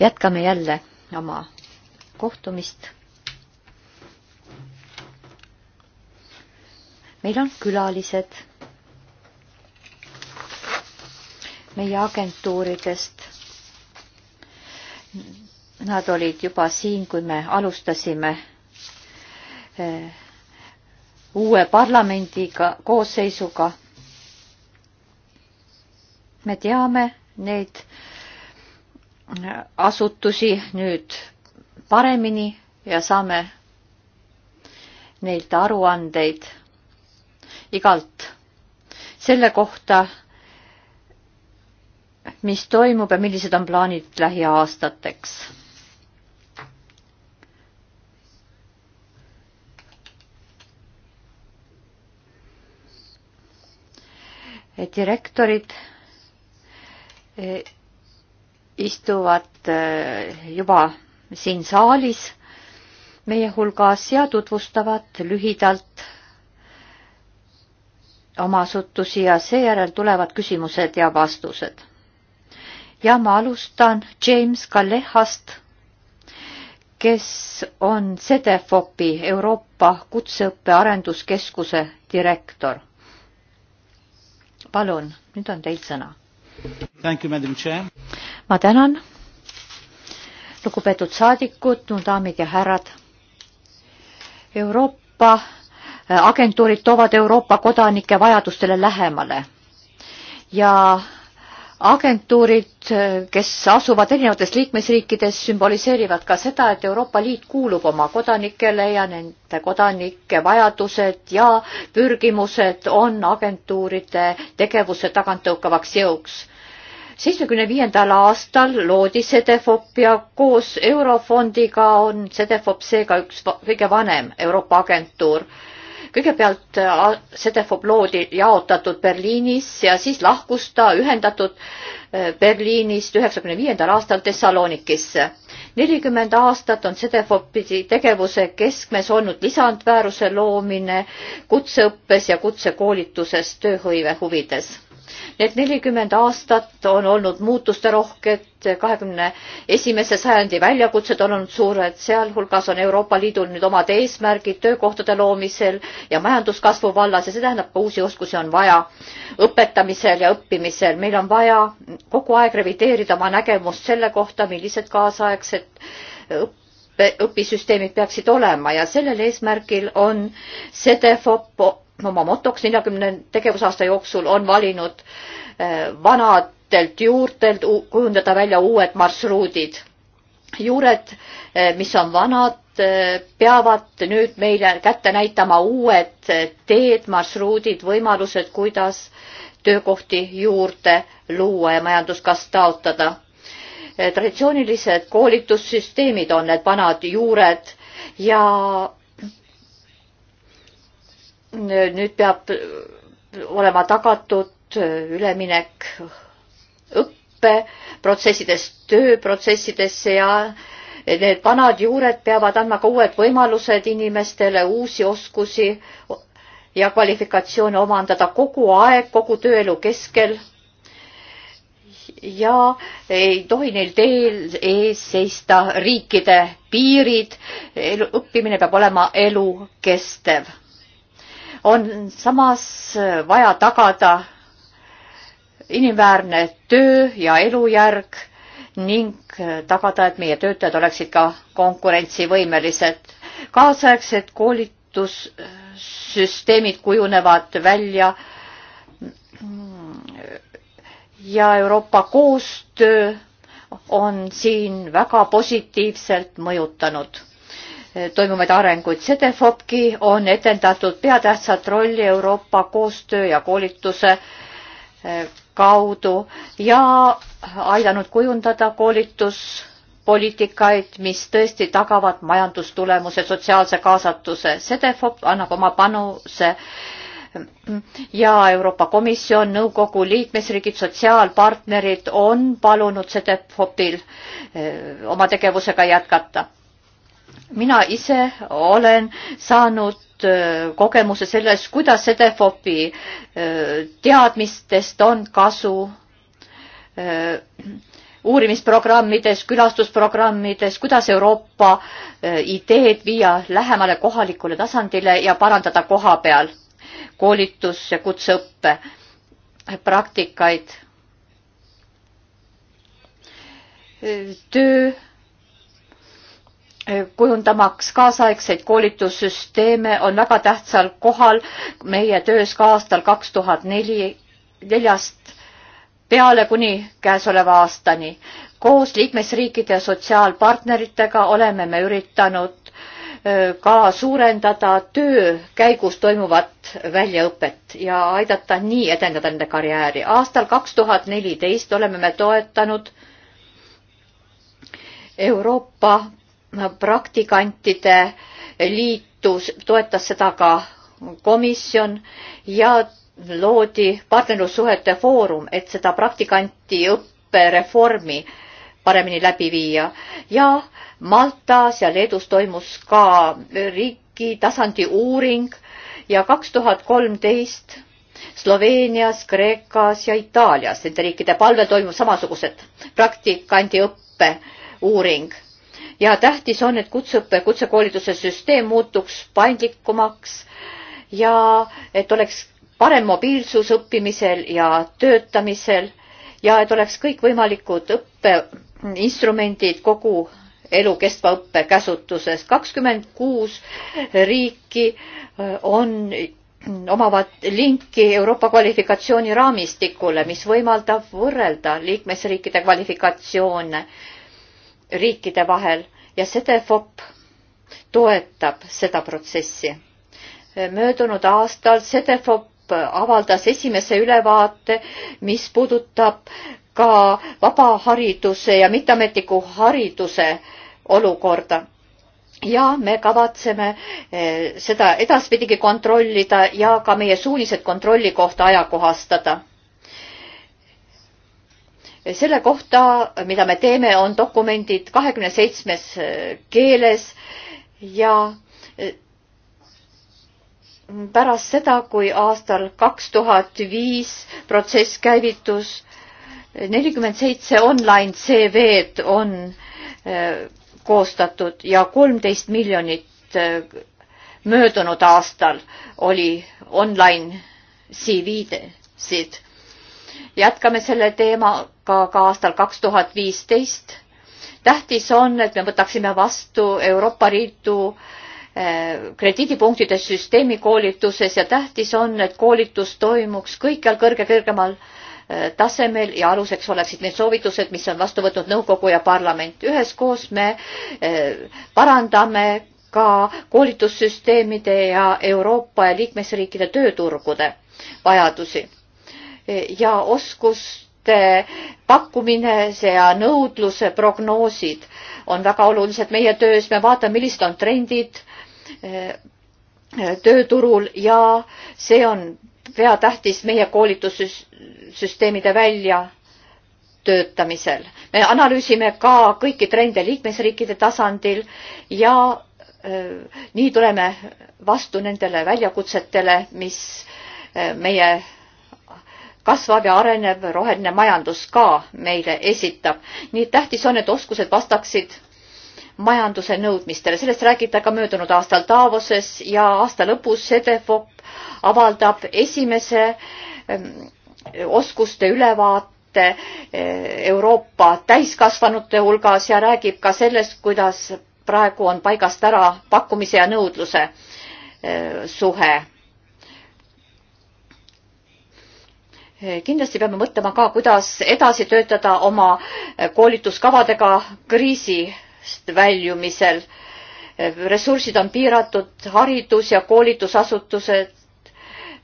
jätkame jälle oma kohtumist. meil on külalised meie agentuuridest. Nad olid juba siin, kui me alustasime eh, uue parlamendiga, koosseisuga. me teame, neid asutusi nüüd paremini ja saame neilt aruandeid igalt selle kohta, mis toimub ja millised on plaanid lähiaastateks. direktorid istuvad eh, juba siin saalis meie hulgas ja tutvustavad lühidalt oma asutusi ja seejärel tulevad küsimused ja vastused. ja ma alustan James Kalehast, kes on CDFOP-i Euroopa Kutseõppe Arenduskeskuse direktor. palun, nüüd on teil sõna ma tänan, lugupeetud saadikud, mu daamid ja härrad. Euroopa äh, agentuurid toovad Euroopa kodanike vajadustele lähemale ja agentuurid, kes asuvad erinevates liikmesriikides, sümboliseerivad ka seda, et Euroopa Liit kuulub oma kodanikele ja nende kodanike vajadused ja pürgimused on agentuuride tegevuse taganttõukavaks jõuks. seitsmekümne viiendal aastal loodi Cedefop ja koos Eurofondiga on Cedefop seega üks kõige vanem Euroopa agentuur kõigepealt äh, Sedefop loodi jaotatud Berliinis ja siis lahkus ta ühendatud äh, Berliinist üheksakümne viiendal aastal Thessalonikisse. nelikümmend aastat on Sedefopi tegevuse keskmes olnud lisandvääruse loomine kutseõppes ja kutsekoolituses tööhõive huvides Need nelikümmend aastat on olnud muutusterohked, kahekümne esimese sajandi väljakutsed on olnud suured, sealhulgas on Euroopa Liidul nüüd omad eesmärgid töökohtade loomisel ja majanduskasvu vallas ja see tähendab ka uusi oskusi on vaja õpetamisel ja õppimisel. meil on vaja kogu aeg revideerida oma nägemust selle kohta, millised kaasaegsed õpp-, õpisüsteemid peaksid olema ja sellel eesmärgil on CDFOP oma motoks neljakümne tegevusaasta jooksul on valinud eh, vanadelt juurtelt kujundada välja uued marsruudid. juured, eh, mis on vanad, eh, peavad nüüd meile kätte näitama uued teed, marsruudid, võimalused, kuidas töökohti juurde luua ja majanduskasv taotada. traditsioonilised koolitussüsteemid on need vanad juured ja nüüd peab olema tagatud üleminek õppeprotsessidest tööprotsessidesse ja need vanad juured peavad andma ka uued võimalused inimestele, uusi oskusi ja kvalifikatsioone omandada kogu aeg, kogu tööelu keskel. ja ei tohi neil teel ees seista riikide piirid. õppimine peab olema elukestev on samas äh, vaja tagada inimväärne töö ja elujärg ning äh, tagada, et meie töötajad oleksid ka konkurentsivõimelised. kaasaegsed koolitussüsteemid kujunevad välja mm, ja Euroopa koostöö on siin väga positiivselt mõjutanud toimuvaid arenguid. CDFOPki on etendatud peatähtsat rolli Euroopa koostöö ja koolituse eh, kaudu ja aidanud kujundada koolituspoliitikaid, mis tõesti tagavad majandustulemuse, sotsiaalse kaasatuse. CDFOP annab oma panuse mm, ja Euroopa Komisjon, nõukogu liikmesriigid, sotsiaalpartnerid on palunud CDFOPil eh, oma tegevusega jätkata mina ise olen saanud äh, kogemuse sellest, kuidas Sedefopi äh, teadmistest on kasu äh, uurimisprogrammides, külastusprogrammides, kuidas Euroopa ideed viia lähemale kohalikule tasandile ja parandada koha peal koolitus- ja kutseõppe praktikaid. töö kujundamaks kaasaegseid koolitussüsteeme on väga tähtsal kohal meie töös ka aastal kaks tuhat neli, neljast peale kuni käesoleva aastani. koos liikmesriikide ja sotsiaalpartneritega oleme me üritanud ka suurendada töö käigus toimuvat väljaõpet ja aidata nii edendada nende karjääri. aastal kaks tuhat neliteist oleme me toetanud Euroopa praktikantide liitu, toetas seda ka komisjon ja loodi partnerlussuhete foorum, et seda praktikanti õppereformi paremini läbi viia ja Maltas ja Leedus toimus ka riigi tasandi uuring ja kaks tuhat kolmteist Sloveenias, Kreekas ja Itaalias nende riikide palvel toimub samasugused praktikandi õppe uuring ja tähtis on, et kutseõppe, kutsekoolituse süsteem muutuks paindlikumaks ja et oleks parem mobiilsus õppimisel ja töötamisel ja et oleks kõikvõimalikud õppeinstrumendid kogu elukestva õppe käsutuses. kakskümmend kuus riiki äh, on, mm, omavad linki Euroopa kvalifikatsiooniraamistikule, mis võimaldab võrrelda liikmesriikide kvalifikatsioone riikide vahel ja Sedefop toetab seda protsessi. möödunud aastal Sedefop avaldas esimese ülevaate, mis puudutab ka vabahariduse ja mitteametliku hariduse olukorda. ja me kavatseme eh, seda edaspidigi kontrollida ja ka meie suunised kontrolli kohta ajakohastada selle kohta, mida me teeme, on dokumendid kahekümne seitsmes äh, keeles ja äh, pärast seda, kui aastal kaks tuhat viis protsess käivitus, nelikümmend seitse online CV-d on äh, koostatud ja kolmteist miljonit möödunud aastal oli online CV-sid jätkame selle teemaga ka, ka aastal kaks tuhat viisteist. tähtis on, et me võtaksime vastu Euroopa Liidu eh, krediidipunktide süsteemi koolituses ja tähtis on, et koolitus toimuks kõikjal kõrge, kõrgemal eh, tasemel ja aluseks oleksid need soovitused, mis on vastu võtnud nõukogu ja parlament. üheskoos me eh, parandame ka koolitussüsteemide ja Euroopa ja liikmesriikide tööturgude vajadusi ja oskuste pakkumine ja nõudluse prognoosid on väga olulised meie töös. me vaatame, millised on trendid eh, tööturul ja see on peatähtis meie koolitussüsteemide välja töötamisel. me analüüsime ka kõiki trende liikmesriikide tasandil ja öö, eh, nii tuleme vastu nendele väljakutsetele, mis öö, eh, meie kasvav ja arenev roheline majandus ka meile esitab. nii et tähtis on, et oskused vastaksid majanduse nõudmistele. sellest räägiti ka möödunud aastal Davoses ja aasta lõpus Sedefop avaldab esimese ehm, oskuste ülevaate ehm, Euroopa täiskasvanute hulgas ja räägib ka sellest, kuidas praegu on paigast ära pakkumise ja nõudluse ehm, suhe kindlasti peame mõtlema ka, kuidas edasi töötada oma koolituskavadega kriisist väljumisel. ressursid on piiratud, haridus ja koolitusasutused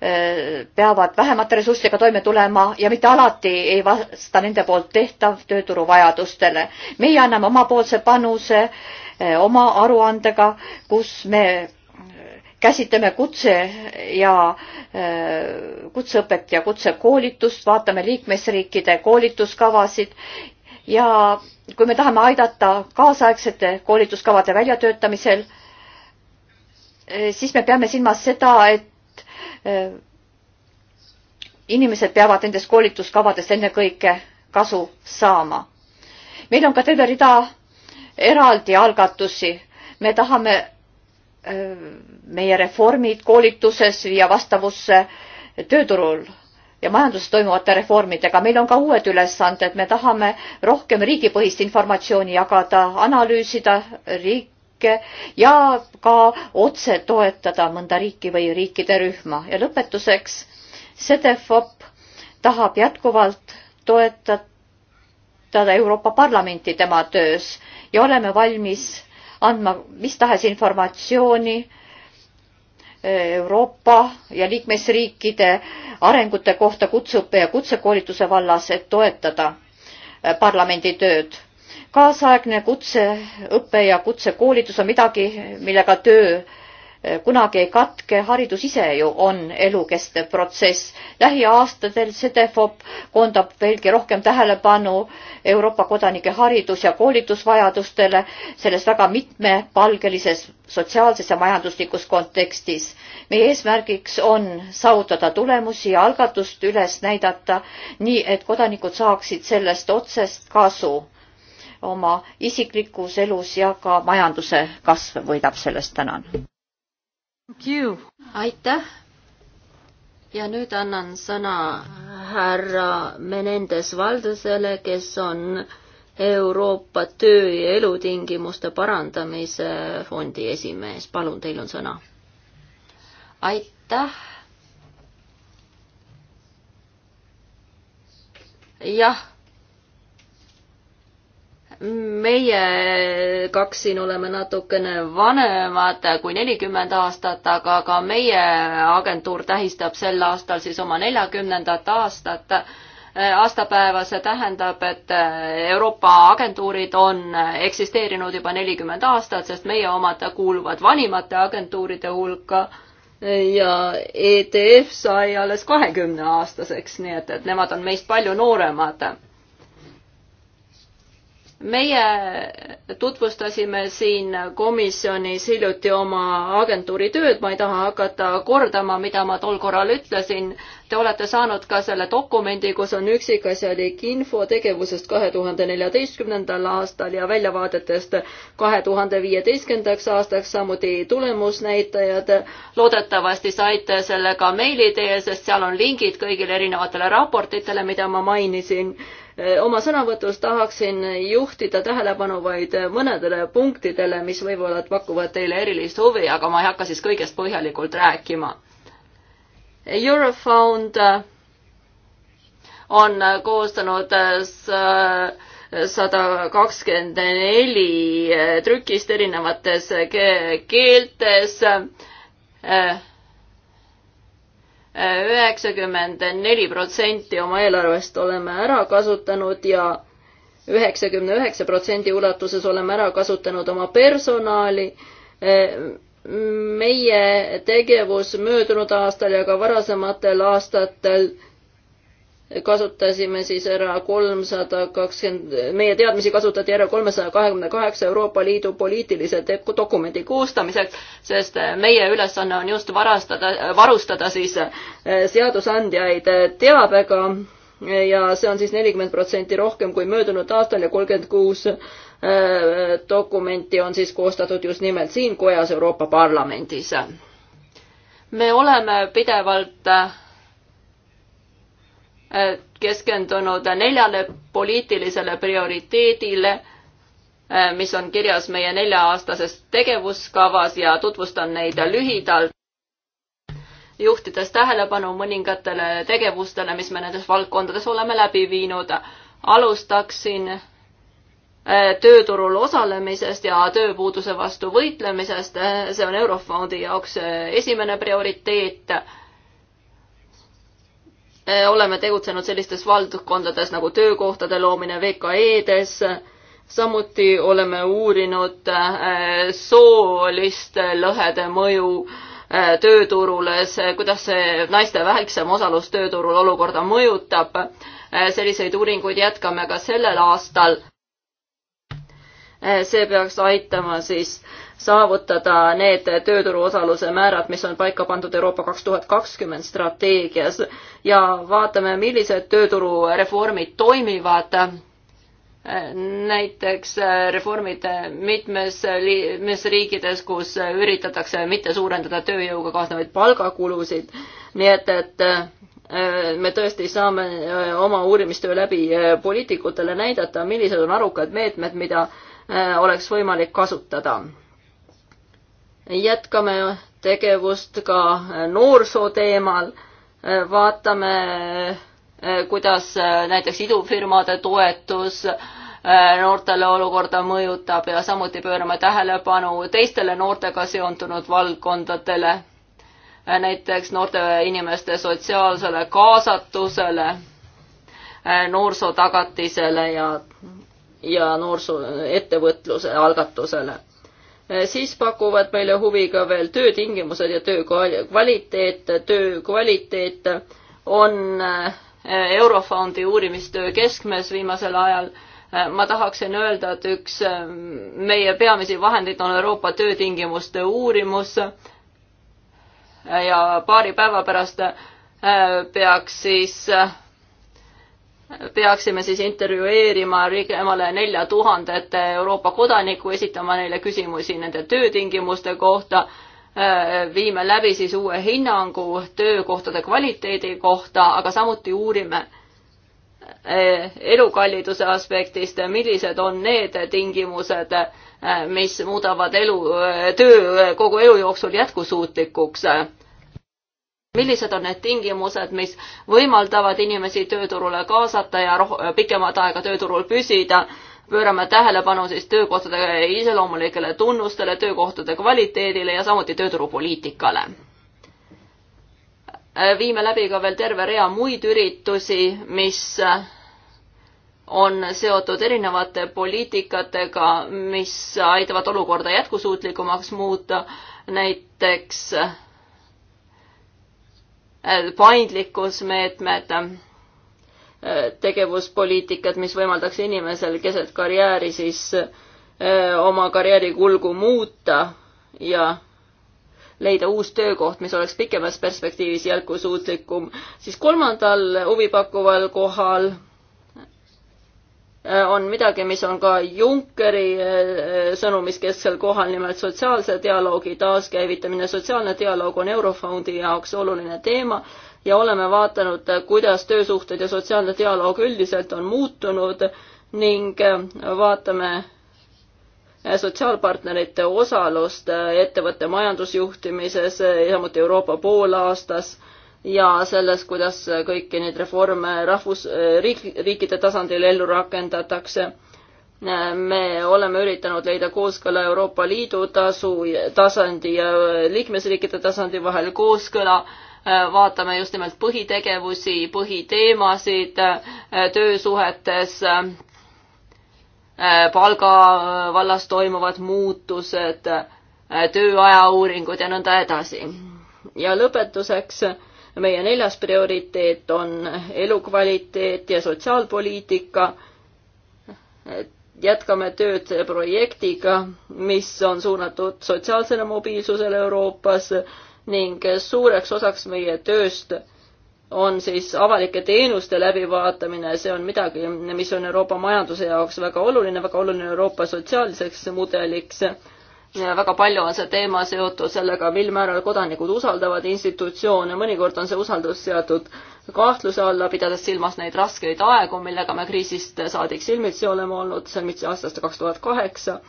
eh, peavad vähemate ressurssidega toime tulema ja mitte alati ei vasta nende poolt tehtav tööturu vajadustele. meie anname omapoolse panuse eh, oma aruandega, kus me käsitleme kutse ja äh, kutseõpet ja kutsekoolitust, vaatame liikmesriikide koolituskavasid ja kui me tahame aidata kaasaegsete koolituskavade väljatöötamisel, äh, siis me peame silmas seda, et äh, inimesed peavad nendest koolituskavadest ennekõike kasu saama. meil on ka terve rida eraldi algatusi. me tahame meie reformid koolituses ja vastavusse tööturul ja majanduses toimuvate reformidega. meil on ka uued ülesanded, me tahame rohkem riigipõhist informatsiooni jagada, analüüsida riike ja ka otse toetada mõnda riiki või riikide rühma. ja lõpetuseks, CDFOP tahab jätkuvalt toetada Euroopa Parlamenti tema töös ja oleme valmis andma mis tahes informatsiooni eh, Euroopa ja liikmesriikide arengute kohta kutseõppe ja kutsekoolituse vallas, et toetada eh, parlamendi tööd. kaasaegne kutseõpe ja kutsekoolitus on midagi, millega töö kunagi ei katke, haridus ise ju on elukestev protsess. lähiaastatel CDFOP koondab veelgi rohkem tähelepanu Euroopa kodanike haridus- ja koolitusvajadustele selles väga mitmepalgelises sotsiaalses ja majanduslikus kontekstis. meie eesmärgiks on saavutada tulemusi ja algatust üles näidata nii, et kodanikud saaksid sellest otsest kasu oma isiklikus elus ja ka majanduse kasv võidab sellest. tänan aitäh. ja nüüd annan sõna härra Menendez Valdesele, kes on Euroopa töö ja elutingimuste parandamise fondi esimees. palun, teil on sõna. aitäh. jah meie kaks siin oleme natukene vanemad kui nelikümmend aastat, aga ka meie agentuur tähistab sel aastal siis oma neljakümnendat aastat, aastapäeva, see tähendab, et Euroopa agentuurid on eksisteerinud juba nelikümmend aastat, sest meie omad kuuluvad vanimate agentuuride hulka ja ETF sai alles kahekümne aastaseks, nii et, et nemad on meist palju nooremad meie tutvustasime siin komisjonis hiljuti oma agentuuri tööd, ma ei taha hakata kordama, mida ma tol korral ütlesin. Te olete saanud ka selle dokumendi, kus on üksikasjalik info tegevusest kahe tuhande neljateistkümnendal aastal ja väljavaadetest kahe tuhande viieteistkümnendaks aastaks, samuti tulemusnäitajad. loodetavasti saite selle ka meili teel, sest seal on lingid kõigile erinevatele raportitele, mida ma mainisin Eh, oma sõnavõtus tahaksin juhtida tähelepanu vaid mõnedele punktidele, mis võib-olla pakuvad teile erilist huvi, aga ma ei hakka siis kõigest põhjalikult rääkima. Eurofond eh, on eh, koostanud sada kakskümmend neli trükist erinevates keeltes üheksakümmend neli protsenti oma eelarvest oleme ära kasutanud ja üheksakümne üheksa protsendi ulatuses oleme ära kasutanud oma personali. meie tegevus möödunud aastal ja ka varasematel aastatel kasutasime siis ära kolmsada kakskümmend, meie teadmisi kasutati ära kolmesaja kahekümne kaheksa Euroopa Liidu poliitilise dokumendi koostamiseks, sest meie ülesanne on just varastada, varustada siis eh, seadusandjaid eh, teabega ja see on siis nelikümmend protsenti rohkem kui möödunud aastal ja kolmkümmend kuus eh, dokumenti on siis koostatud just nimelt siin kojas Euroopa Parlamendis. me oleme pidevalt keskendunud neljale poliitilisele prioriteedile, eh, mis on kirjas meie nelja-aastases tegevuskavas ja tutvustan neid lühidalt, juhtides tähelepanu mõningatele tegevustele, mis me nendes valdkondades oleme läbi viinud. alustaksin eh, tööturul osalemisest ja tööpuuduse vastu võitlemisest, eh, see on Eurofondi jaoks esimene prioriteet Äh, oleme tegutsenud sellistes valdkondades nagu töökohtade loomine VKE-des, samuti oleme uurinud äh, sooliste lõhede mõju äh, tööturule, see, kuidas see naiste väiksem osalus tööturul olukorda mõjutab. selliseid uuringuid jätkame ka sellel aastal Eh, see peaks aitama siis saavutada need tööturu osaluse määrad, mis on paika pandud Euroopa kaks tuhat kakskümmend strateegias ja vaatame, millised tööturureformid toimivad eh, näiteks eh, reformid mitmes, mitmes riikides, kus üritatakse mitte suurendada tööjõuga kaasnevaid palgakulusid. nii et, et me tõesti saame oma uurimistöö läbi poliitikutele näidata, millised on arukad meetmed, mida Äh, oleks võimalik kasutada. jätkame tegevust ka äh, noorsoo teemal, äh, vaatame, kuidas näiteks idufirmade toetus noortele olukorda mõjutab ja samuti pöörame tähelepanu teistele noortega seondunud valdkondadele, näiteks noorte inimeste sotsiaalsele kaasatusele, noorsootagatisele ja ja noorsooettevõtluse algatusele. siis pakuvad meile huvi ka veel töötingimused ja töö kvaliteet. töö kvaliteet on eh, Eurofondi uurimistöö keskmes viimasel ajal. Eh, ma tahaksin öelda, et üks eh, meie peamisi vahendeid on Euroopa töötingimuste uurimus ja paari päeva pärast peaks siis peaksime siis intervjueerima ligemale nelja tuhandete Euroopa kodanikku, esitama neile küsimusi nende töötingimuste kohta, äh, viime läbi siis uue hinnangu töökohtade kvaliteedi kohta, aga samuti uurime äh, elukalliduse aspektist, millised on need tingimused, äh, mis muudavad elu, töö kogu elu jooksul jätkusuutlikuks millised on need tingimused, mis võimaldavad inimesi tööturule kaasata ja roh-, pikemat aega tööturul püsida, pöörame tähelepanu siis töökohtade iseloomulikele tunnustele, töökohtade kvaliteedile ja samuti tööturupoliitikale. viime läbi ka veel terve rea muid üritusi, mis on seotud erinevate poliitikatega, mis aitavad olukorda jätkusuutlikumaks muuta, näiteks Äh, paindlikkusmeetmed, äh, tegevuspoliitikad, mis võimaldaks inimesel keset karjääri siis äh, oma karjääri kulgu muuta ja leida uus töökoht, mis oleks pikemas perspektiivis jätkusuutlikum, siis kolmandal huvipakkuval kohal Äh, on midagi, mis on ka Junckeri äh, sõnumis kesksel kohal, nimelt sotsiaalse dialoogi taaskäivitamine. sotsiaalne dialoog on Eurofondi jaoks oluline teema ja oleme vaadanud, äh, kuidas töösuhted ja sotsiaalne dialoog üldiselt on muutunud ning vaatame sotsiaalpartnerite osalust ettevõtte majandusjuhtimises, samuti Euroopa poolaastas ja selles, kuidas kõiki neid reforme rahvus, riik, riikide tasandil ellu rakendatakse. me oleme üritanud leida kooskõla Euroopa Liidu tasu, tasandi ja liikmesriikide tasandi vahel kooskõla vaatame just nimelt põhitegevusi, põhiteemasid töösuhetes, palga vallas toimuvad muutused, tööaja uuringud ja nõnda edasi. ja lõpetuseks meie neljas prioriteet on elukvaliteet ja sotsiaalpoliitika. jätkame tööd selle projektiga, mis on suunatud sotsiaalsele mobiilsusele Euroopas ning suureks osaks meie tööst on siis avalike teenuste läbivaatamine, see on midagi, mis on Euroopa majanduse jaoks väga oluline, väga oluline Euroopa sotsiaalseks mudeliks väga palju on see teema seotud sellega, mil määral kodanikud usaldavad institutsioone, mõnikord on see usaldus seatud kahtluse alla, pidades silmas neid raskeid aegu, millega me kriisist saadik silmitsi oleme olnud, see on mitte aastast kaks tuhat kaheksa.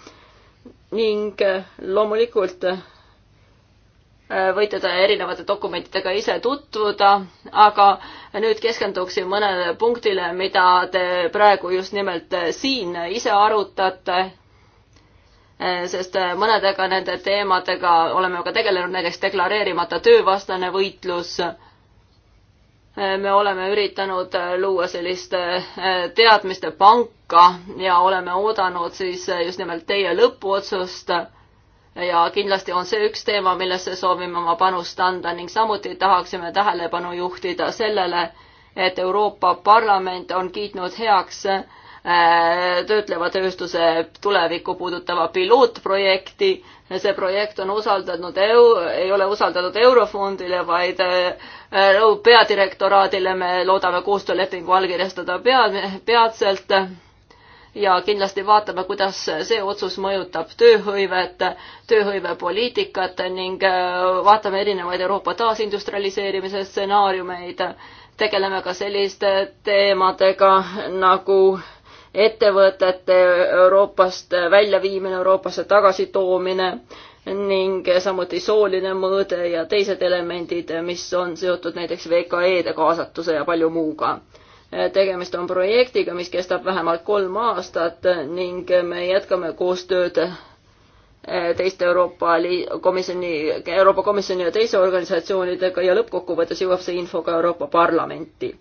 ning eh, loomulikult eh, võite te erinevate dokumentidega ise tutvuda, aga nüüd keskenduksin mõnele punktile, mida te praegu just nimelt eh, siin ise arutate Eh, sest eh, mõnedega nende teemadega oleme ka tegelenud, näiteks deklareerimata töövastane võitlus. Eh, me oleme üritanud luua sellist teadmiste panka ja oleme oodanud siis just nimelt teie lõpuotsust. ja kindlasti on see üks teema, millesse soovime oma panust anda ning samuti tahaksime tähelepanu juhtida sellele, et Euroopa Parlament on kiitnud heaks Äh, töötleva tööstuse tulevikku puudutava pilootprojekti. see projekt on usaldanud, ei ole usaldatud Eurofondile, vaid äh, peadirektoraadile, me loodame koostöölepingu allkirjastada pea, peatselt ja kindlasti vaatame, kuidas see otsus mõjutab tööhõivet, tööhõivepoliitikat ning äh, vaatame erinevaid Euroopa taasindustrialiseerimise stsenaariumeid. tegeleme ka selliste teemadega nagu ettevõtete Euroopast väljaviimine, Euroopasse tagasitoomine ning samuti sooline mõõde ja teised elemendid, mis on seotud näiteks VKE-de kaasatuse ja palju muuga. tegemist on projektiga, mis kestab vähemalt kolm aastat ning me jätkame koostööd teiste Euroopa Komisjoni, Euroopa Komisjoni ja teiste organisatsioonidega ja lõppkokkuvõttes jõuab see info ka Euroopa Parlamenti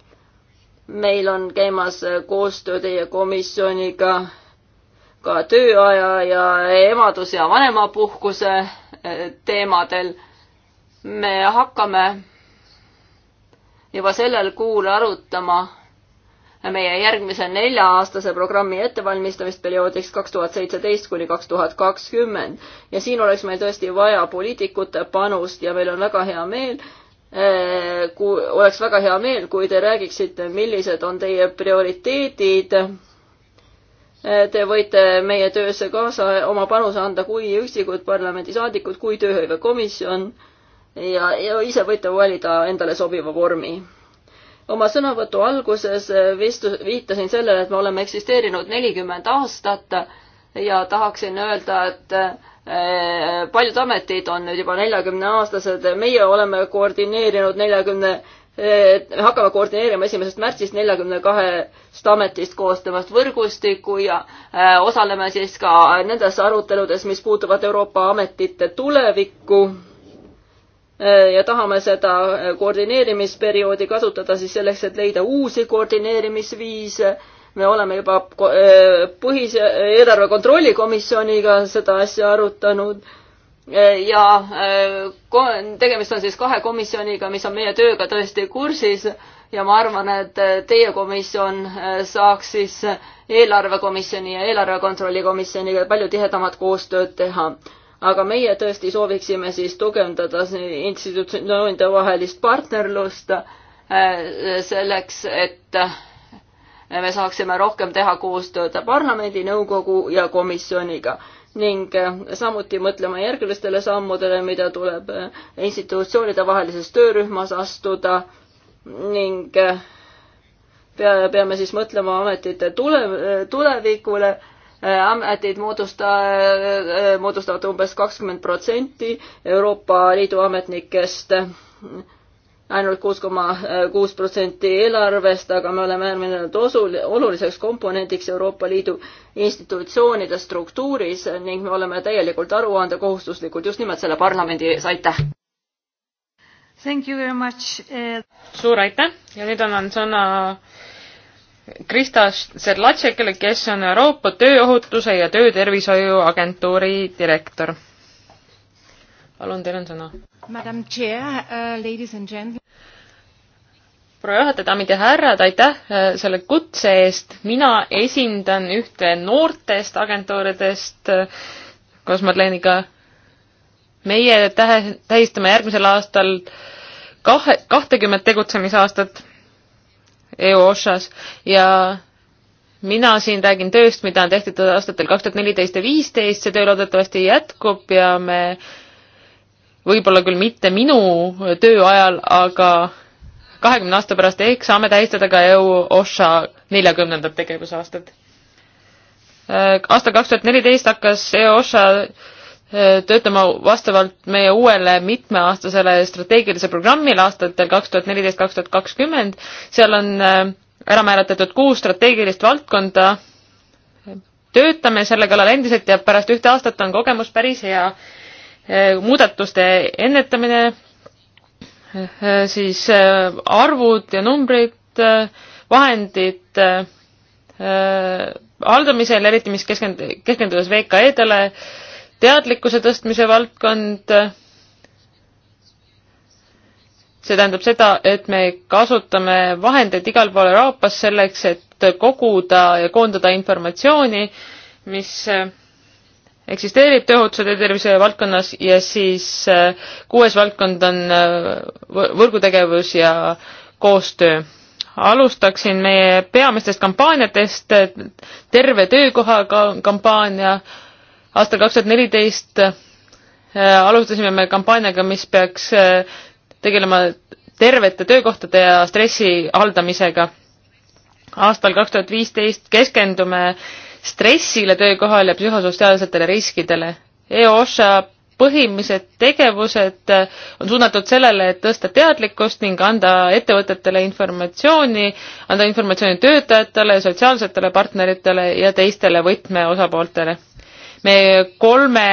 meil on käimas koostöö teie komisjoniga ka tööaja ja emadus- ja vanemapuhkuse eh, teemadel. me hakkame juba sellel kuul arutama meie järgmise nelja-aastase programmi ettevalmistamist perioodiks kaks tuhat seitseteist kuni kaks tuhat kakskümmend ja siin oleks meil tõesti vaja poliitikute panust ja meil on väga hea meel, Äh, kui oleks väga hea meel, kui te räägiksite, millised on teie prioriteedid. Äh, te võite meie töösse kaasa oma panuse anda kui üksikud parlamendisaadikud, kui tööhõivekomisjon ja, ja ise võite valida endale sobiva vormi. oma sõnavõtu alguses äh, vistu, viitasin sellele, et me oleme eksisteerinud nelikümmend aastat ja tahaksin öelda, et Eh, paljud ametid on nüüd juba neljakümneaastased, meie oleme koordineerinud neljakümne 40 eh, me hakkame koordineerima esimesest märtsist neljakümne kahest ametist koostamast võrgustikku ja eh, osaleme siis ka nendes aruteludes, mis puutuvad Euroopa ametite tulevikku. ja tahame seda koordineerimisperioodi kasutada siis selleks, et leida uusi koordineerimisviise me oleme juba äh, põhise äh, eelarve kontrolli komisjoniga seda asja arutanud äh, ja tegemist on siis kahe komisjoniga, mis on meie tööga tõesti kursis ja ma arvan, et teie komisjon saaks siis eelarvekomisjoni ja eelarve kontrolli komisjoniga palju tihedamat koostööd teha. aga meie tõesti sooviksime siis tugevdada institutsioonide vahelist partnerlust selleks, et me saaksime rohkem teha koostööd parlamendi, nõukogu ja komisjoniga ning eh, samuti mõtlema järgmistele sammudele, mida tuleb eh, institutsioonide vahelises töörühmas astuda ning eh, pea, peame siis mõtlema ametite tule, tulevikule. ametid moodusta, moodustavad umbes kakskümmend protsenti Euroopa Liidu ametnikest ainult kuus koma äh, kuus protsenti eelarvest, aga me oleme äärmiselt osul-, oluliseks komponendiks Euroopa Liidu institutsioonide struktuuris ning me oleme täielikult aruandekohustuslikud just nimelt selle parlamendi ees, aitäh! Thank you very much eh...! suur aitäh ja nüüd annan sõna Krista Serlatšekile, kes on Euroopa Tööohutuse ja Töötervishoiu Agentuuri direktor palun, teil on sõna. Madam Chair uh,, ladies and gentlemen proua juhataja, daamid ja härrad, aitäh uh, selle kutse eest. mina esindan ühte noortest agentuuridest koos uh, Madleniga. meie tähe, tähistame järgmisel aastal kahe, kahtekümmet tegutsemisaastat EU OSHA-s ja mina siin räägin tööst, mida on tehtud aastatel kaks tuhat neliteist ja viisteist, see töö loodetavasti jätkub ja me võib-olla küll mitte minu töö ajal, aga kahekümne aasta pärast ehk saame tähistada ka EU OSHA neljakümnendat tegevusaastat. aastal kaks tuhat neliteist hakkas EU OSHA e, töötama vastavalt meie uuele mitmeaastasele strateegilisele programmile aastatel kaks tuhat neliteist, kaks tuhat kakskümmend. seal on e, ära määratletud kuus strateegilist valdkonda. töötame selle kallal endiselt ja pärast ühte aastat on kogemus päris hea Eh, muudatuste ennetamine, eh, siis eh, arvud ja numbrid, vahendid haldamisel, eriti mis keskend-, keskendudes VKE-dele, teadlikkuse tõstmise valdkond, see tähendab seda, et me kasutame vahendeid igal pool Euroopas selleks, et koguda ja koondada informatsiooni, mis eksisteerib tööohutuse ja tervishoiu valdkonnas ja siis äh, kuues valdkond on äh, võrgutegevus ja koostöö. alustaksin meie peamistest kampaaniatest, terve töökoha kampaania aastal kaks tuhat neliteist äh, alustasime me kampaaniaga, mis peaks tegelema tervete töökohtade ja stressi haldamisega. aastal kaks tuhat viisteist keskendume stressile töökohal ja psühhosotsiaalsetele riskidele. EOSHA põhimised tegevused on suunatud sellele, et tõsta teadlikkust ning anda ettevõtetele informatsiooni, anda informatsiooni töötajatele, sotsiaalsetele partneritele ja teistele võtmeosapooltele. meie kolme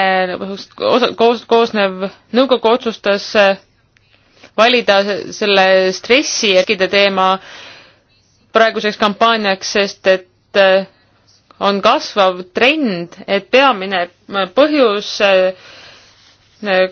osa, koos, koosnev nõukogu otsustas valida selle stressi ja riskide teema praeguseks kampaaniaks, sest et on kasvav trend, et peamine põhjus eh,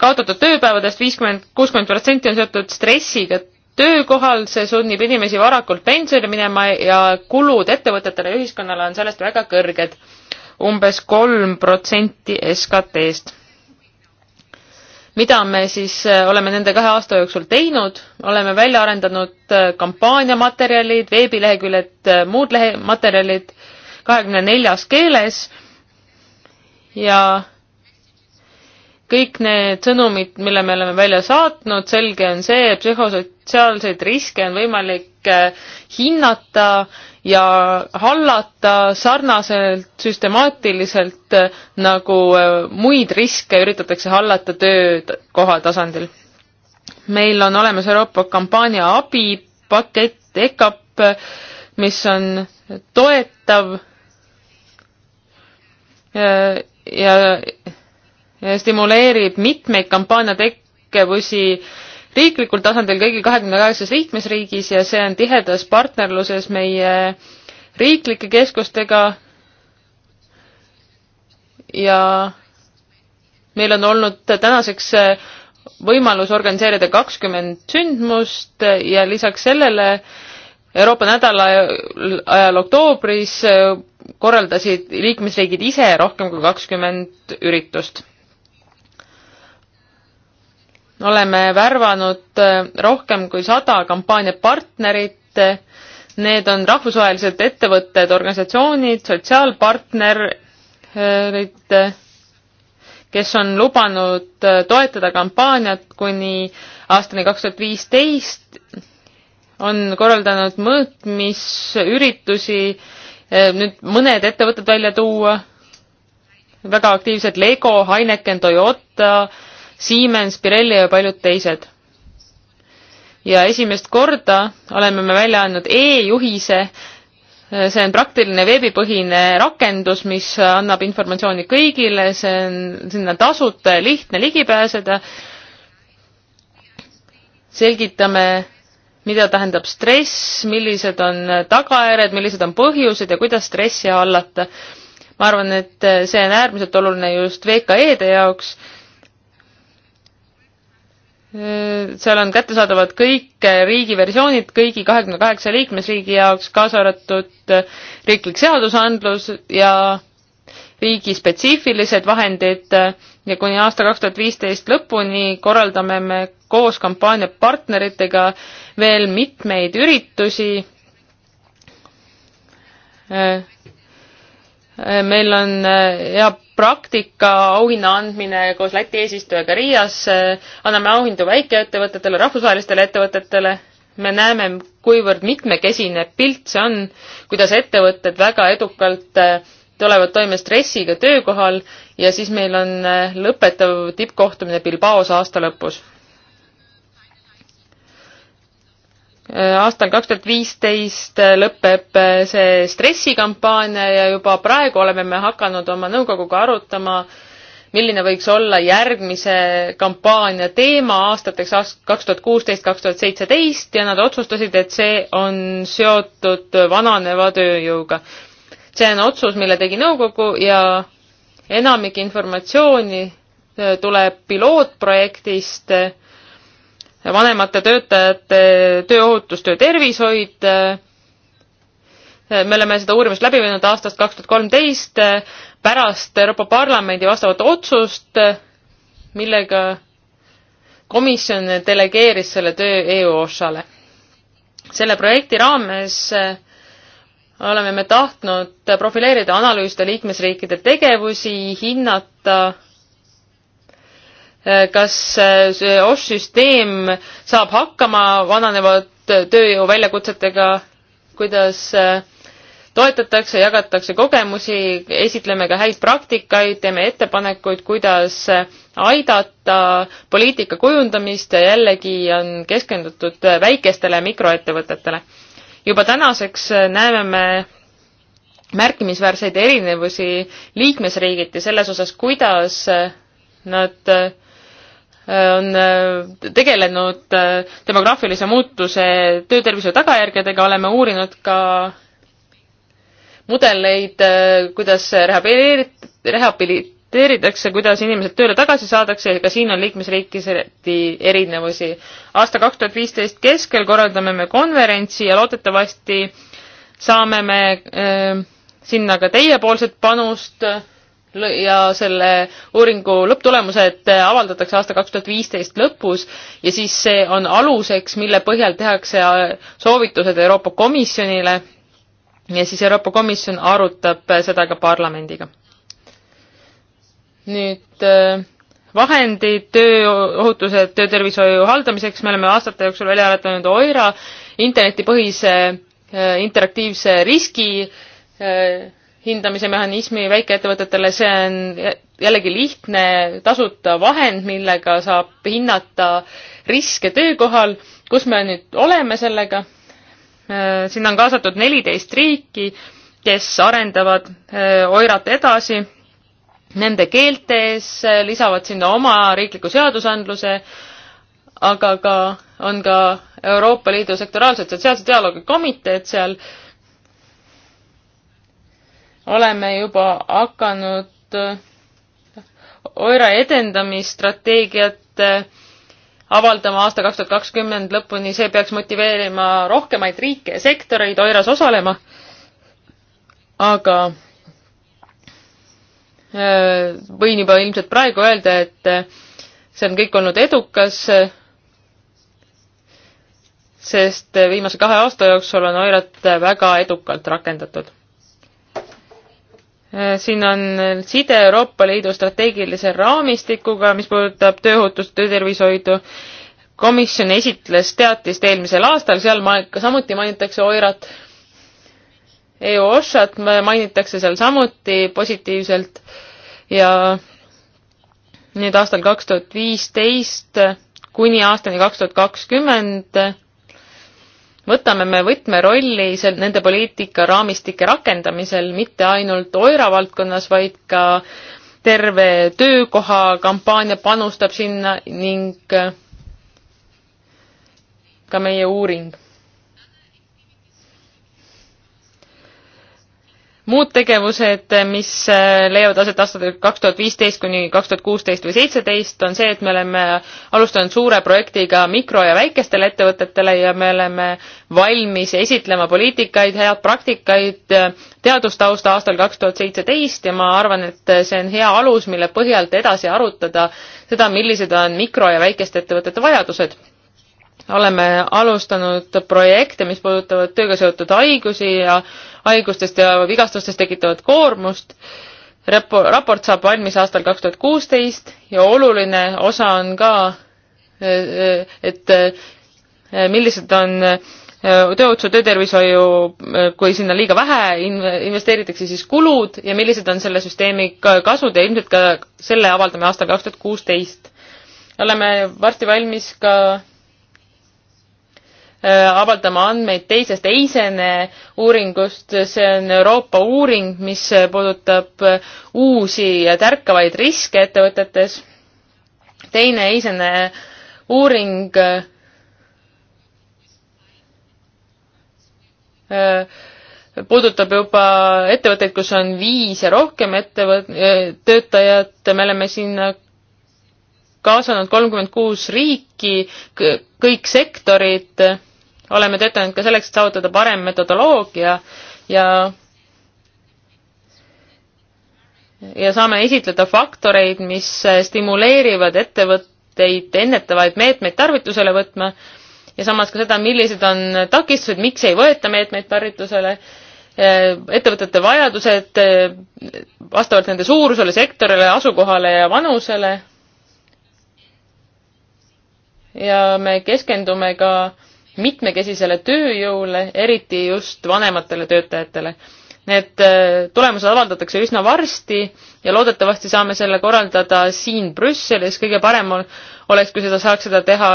kaotatud tööpäevadest viiskümmend, kuuskümmend protsenti on seotud stressiga töökohal, see sunnib inimesi varakult pensionile minema ja kulud ettevõtetele ja ühiskonnale on sellest väga kõrged umbes, umbes kolm protsenti SKT-st. mida me siis eh, oleme nende kahe aasta jooksul teinud, oleme välja arendanud eh, kampaaniamaterjalid, veebileheküljed, muud lehe-, materjalid kahekümne neljas keeles ja kõik need sõnumid, mille me oleme välja saatnud, selge on see, et psühhosotsiaalseid riske on võimalik äh, hinnata ja hallata sarnaselt süstemaatiliselt, äh, nagu äh, muid riske üritatakse hallata töökoha tasandil. meil on olemas Euroopa kampaania abipakett EKAP, mis on toetav ja, ja stimuleerib mitmeid kampaaniategevusi riiklikul tasandil kõigil kahekümne kaheksas liikmesriigis ja see on tihedas partnerluses meie riiklike keskustega ja meil on olnud tänaseks võimalus organiseerida kakskümmend sündmust ja lisaks sellele Euroopa nädala ajal oktoobris korraldasid liikmesriigid ise rohkem kui kakskümmend üritust. oleme värvanud äh, rohkem kui sada kampaaniapartnerit, äh, need on rahvusvahelised ettevõtted, organisatsioonid, sotsiaalpartnerid, äh, kes on lubanud toetada kampaaniat kuni aastani kaks tuhat viisteist, on korraldanud mõõtmisüritusi Äh, nüüd mõned ettevõtted välja tuua, väga aktiivsed Lego, Heineken, Toyota, Siemens, Pirelli ja paljud teised. ja esimest korda oleme me välja andnud e-juhise, äh, see on praktiline veebipõhine rakendus, mis annab informatsiooni kõigile, see on sinna tasuta ja lihtne ligi pääseda. selgitame mida tähendab stress, millised on tagajärjed, millised on põhjused ja kuidas stressi hallata. ma arvan, et see on äärmiselt oluline just VKE-de jaoks. seal on kättesaadavad kõik riigiversioonid kõigi kahekümne kaheksa liikmesriigi jaoks, kaasa arvatud riiklik seadusandlus ja riigispetsiifilised vahendid äh, ja kuni aasta kaks tuhat viisteist lõpuni korraldame me koos kampaania partneritega veel mitmeid üritusi. Äh, äh, meil on hea praktika auhinna andmine koos Läti eesistujaga Riias, anname auhindu väikeettevõtetele, rahvusvahelistele ettevõtetele me näeme, kuivõrd mitmekesine pilt see on, kuidas ettevõtted väga edukalt tulevad toime stressiga töökohal ja siis meil on äh, lõpetav tippkohtumine Bilbaos aasta lõpus. Äh, aastal kaks tuhat viisteist äh, lõpeb see stressikampaania ja juba praegu oleme me hakanud oma nõukoguga arutama, milline võiks olla järgmise kampaania teema aastateks kaks tuhat kuusteist, kaks tuhat seitseteist ja nad otsustasid, et see on seotud vananeva tööjõuga see on otsus, mille tegi nõukogu ja enamik informatsiooni äh, tuleb pilootprojektist, äh, vanemate töötajate tööohutus, töötervishoid, äh, me oleme seda uurimust läbi viinud aastast kaks tuhat kolmteist, pärast Euroopa Parlamendi vastavat otsust, millega komisjon delegeeris selle töö EU-ossale. selle projekti raames äh, oleme me tahtnud profileerida, analüüsida liikmesriikide tegevusi, hinnata, eh, kas eh, see OSH-süsteem saab hakkama vananeva tööjõu väljakutsetega, kuidas eh, toetatakse, jagatakse kogemusi, esitleme ka häid praktikaid, teeme ettepanekuid, kuidas aidata poliitika kujundamist ja jällegi on keskendutud väikestele mikroettevõtetele juba tänaseks äh, näeme me märkimisväärseid erinevusi liikmesriigiti selles osas, kuidas äh, nad äh, on tegelenud demograafilise muutuse töötervishoiu tagajärgedega, oleme uurinud ka mudeleid, kuidas rehabiliteerida, rehabiliteerida teeritakse, kuidas inimesed tööle tagasi saadakse ja ka siin on liikmesriikide erinevusi. aasta kaks tuhat viisteist keskel korraldame me konverentsi ja loodetavasti saame me äh, sinna ka teiepoolset panust ja selle uuringu lõpptulemused avaldatakse aasta kaks tuhat viisteist lõpus ja siis see on aluseks, mille põhjal tehakse äh, soovitused Euroopa Komisjonile ja siis Euroopa Komisjon arutab äh, seda ka parlamendiga nüüd äh, vahendid tööohutuse, töötervishoiu haldamiseks, me oleme aastate jooksul välja arendanud OIRA, internetipõhise äh, interaktiivse riski äh, hindamise mehhanismi väikeettevõtetele, see on jällegi lihtne tasuta vahend, millega saab hinnata riske töökohal, kus me nüüd oleme sellega. sinna on kaasatud neliteist riiki, kes arendavad OIRAT edasi nende keeltes, lisavad sinna oma riikliku seadusandluse, aga ka, on ka Euroopa Liidu sektoraalsed sotsiaalse dialoogi komiteed seal. oleme juba hakanud OIRA edendamisstrateegiat avaldama aasta kaks tuhat kakskümmend lõpuni, see peaks motiveerima rohkemaid riike ja sektoreid OIRAs osalema. aga Äh, võin juba ilmselt praegu öelda, et äh, see on kõik olnud edukas, äh, sest viimase kahe aasta jooksul on Oirat väga edukalt rakendatud. siin on side Euroopa Liidu strateegilise raamistikuga, mis puudutab tööohutust, töötervishoidu. komisjon esitles teatist eelmisel aastal, seal ma-, samuti mainitakse Oirat EOSHA-t mainitakse seal samuti positiivselt ja nüüd aastal kaks tuhat viisteist kuni aastani kaks tuhat kakskümmend võtame me võtmerolli sel-, nende poliitikaraamistike rakendamisel mitte ainult OIRA valdkonnas, vaid ka terve töökoha kampaania panustab sinna ning ka meie uuring muud tegevused, mis äh, leiavad aset aastatel kaks tuhat viisteist kuni kaks tuhat kuusteist või seitseteist, on see, et me oleme alustanud suure projektiga mikro- ja väikestele ettevõtetele ja me oleme valmis esitlema poliitikaid, head praktikaid, äh, teadustausta aastal kaks tuhat seitseteist ja ma arvan, et see on hea alus, mille põhjalt edasi arutada seda, millised on mikro- ja väikeste ettevõtete vajadused oleme alustanud projekte, mis puudutavad tööga seotud haigusi ja haigustest ja vigastustest tekitavat koormust. raport saab valmis aastal kaks tuhat kuusteist ja oluline osa on ka, äh, äh, et äh, millised on tööotsu, töötervishoiu, kui sinna liiga vähe investeeritakse, siis kulud ja millised on selle süsteemi kasud ja ilmselt ka selle avaldame aastal kaks tuhat kuusteist. oleme varsti valmis ka Äh, avaldama andmeid teisest Eisene uuringust, see on Euroopa uuring, mis puudutab äh, uusi ja tärkavaid riske ettevõtetes. teine Eisene uuring äh, puudutab juba ettevõtteid, kus on viis ja rohkem ettevõt-, töötajat, me oleme sinna kaasanud kolmkümmend kuus riiki, kõik sektorid oleme töötanud ka selleks, et saavutada parem metodoloogia ja ja saame esitleda faktoreid, mis stimuleerivad ettevõtteid ennetavaid meetmeid tarvitusele võtma ja samas ka seda, millised on takistused, miks ei võeta meetmeid tarvitusele, ettevõtete vajadused vastavalt nende suurusele, sektorile, asukohale ja vanusele. ja me keskendume ka mitmekesisele tööjõule, eriti just vanematele töötajatele. Need äh, tulemused avaldatakse üsna varsti ja loodetavasti saame selle korraldada siin Brüsselis, kõige parem oleks, kui seda saaks seda teha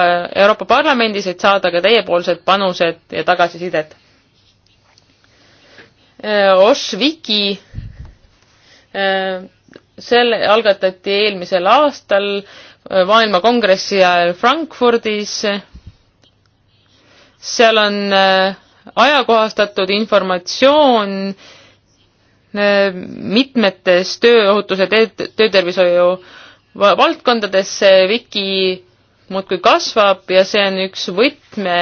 Euroopa Parlamendis, et saada ka teiepoolsed panused ja tagasisidet. Oshviki äh, äh, selle algatati eelmisel aastal maailmakongressi ajal Frankfurdis seal on äh, ajakohastatud informatsioon äh, mitmetes tööohutuse, töötervishoiu valdkondades, see Viki muudkui kasvab ja see on üks võtme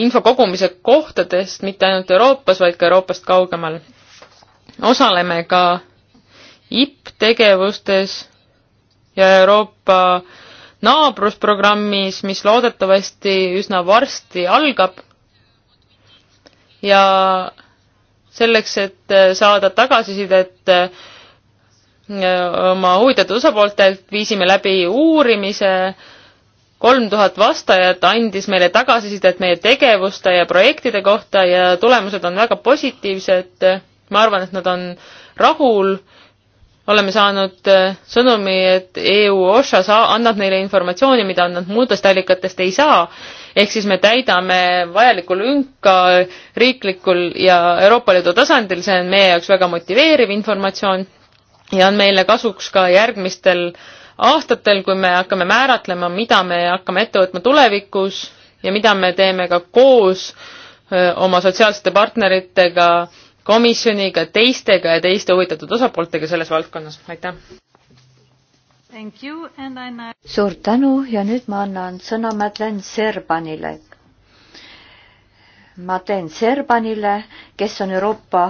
info kogumise kohtadest mitte ainult Euroopas, vaid ka Euroopast kaugemal. osaleme ka IP tegevustes ja Euroopa äh, naabrusprogrammis, mis loodetavasti üsna varsti algab. ja selleks, et äh, saada tagasisidet äh, oma huvitatud osapooltelt, viisime läbi uurimise, kolm tuhat vastajat andis meile tagasisidet meie tegevuste ja projektide kohta ja tulemused on väga positiivsed. ma arvan, et nad on rahul oleme saanud äh, sõnumi, et EU OSHA saa-, annab neile informatsiooni, mida nad muudest allikatest ei saa, ehk siis me täidame vajalikku lünka riiklikul ja Euroopa Liidu tasandil, see on meie jaoks väga motiveeriv informatsioon ja on meile kasuks ka järgmistel aastatel, kui me hakkame määratlema, mida me hakkame ette võtma tulevikus ja mida me teeme ka koos öö, äh, oma sotsiaalsete partneritega komisjoniga, teistega ja teiste huvitatud osapooltega selles valdkonnas, aitäh! suur tänu ja nüüd ma annan sõna Madlen Serbanile. Madlen Serbanile, kes on Euroopa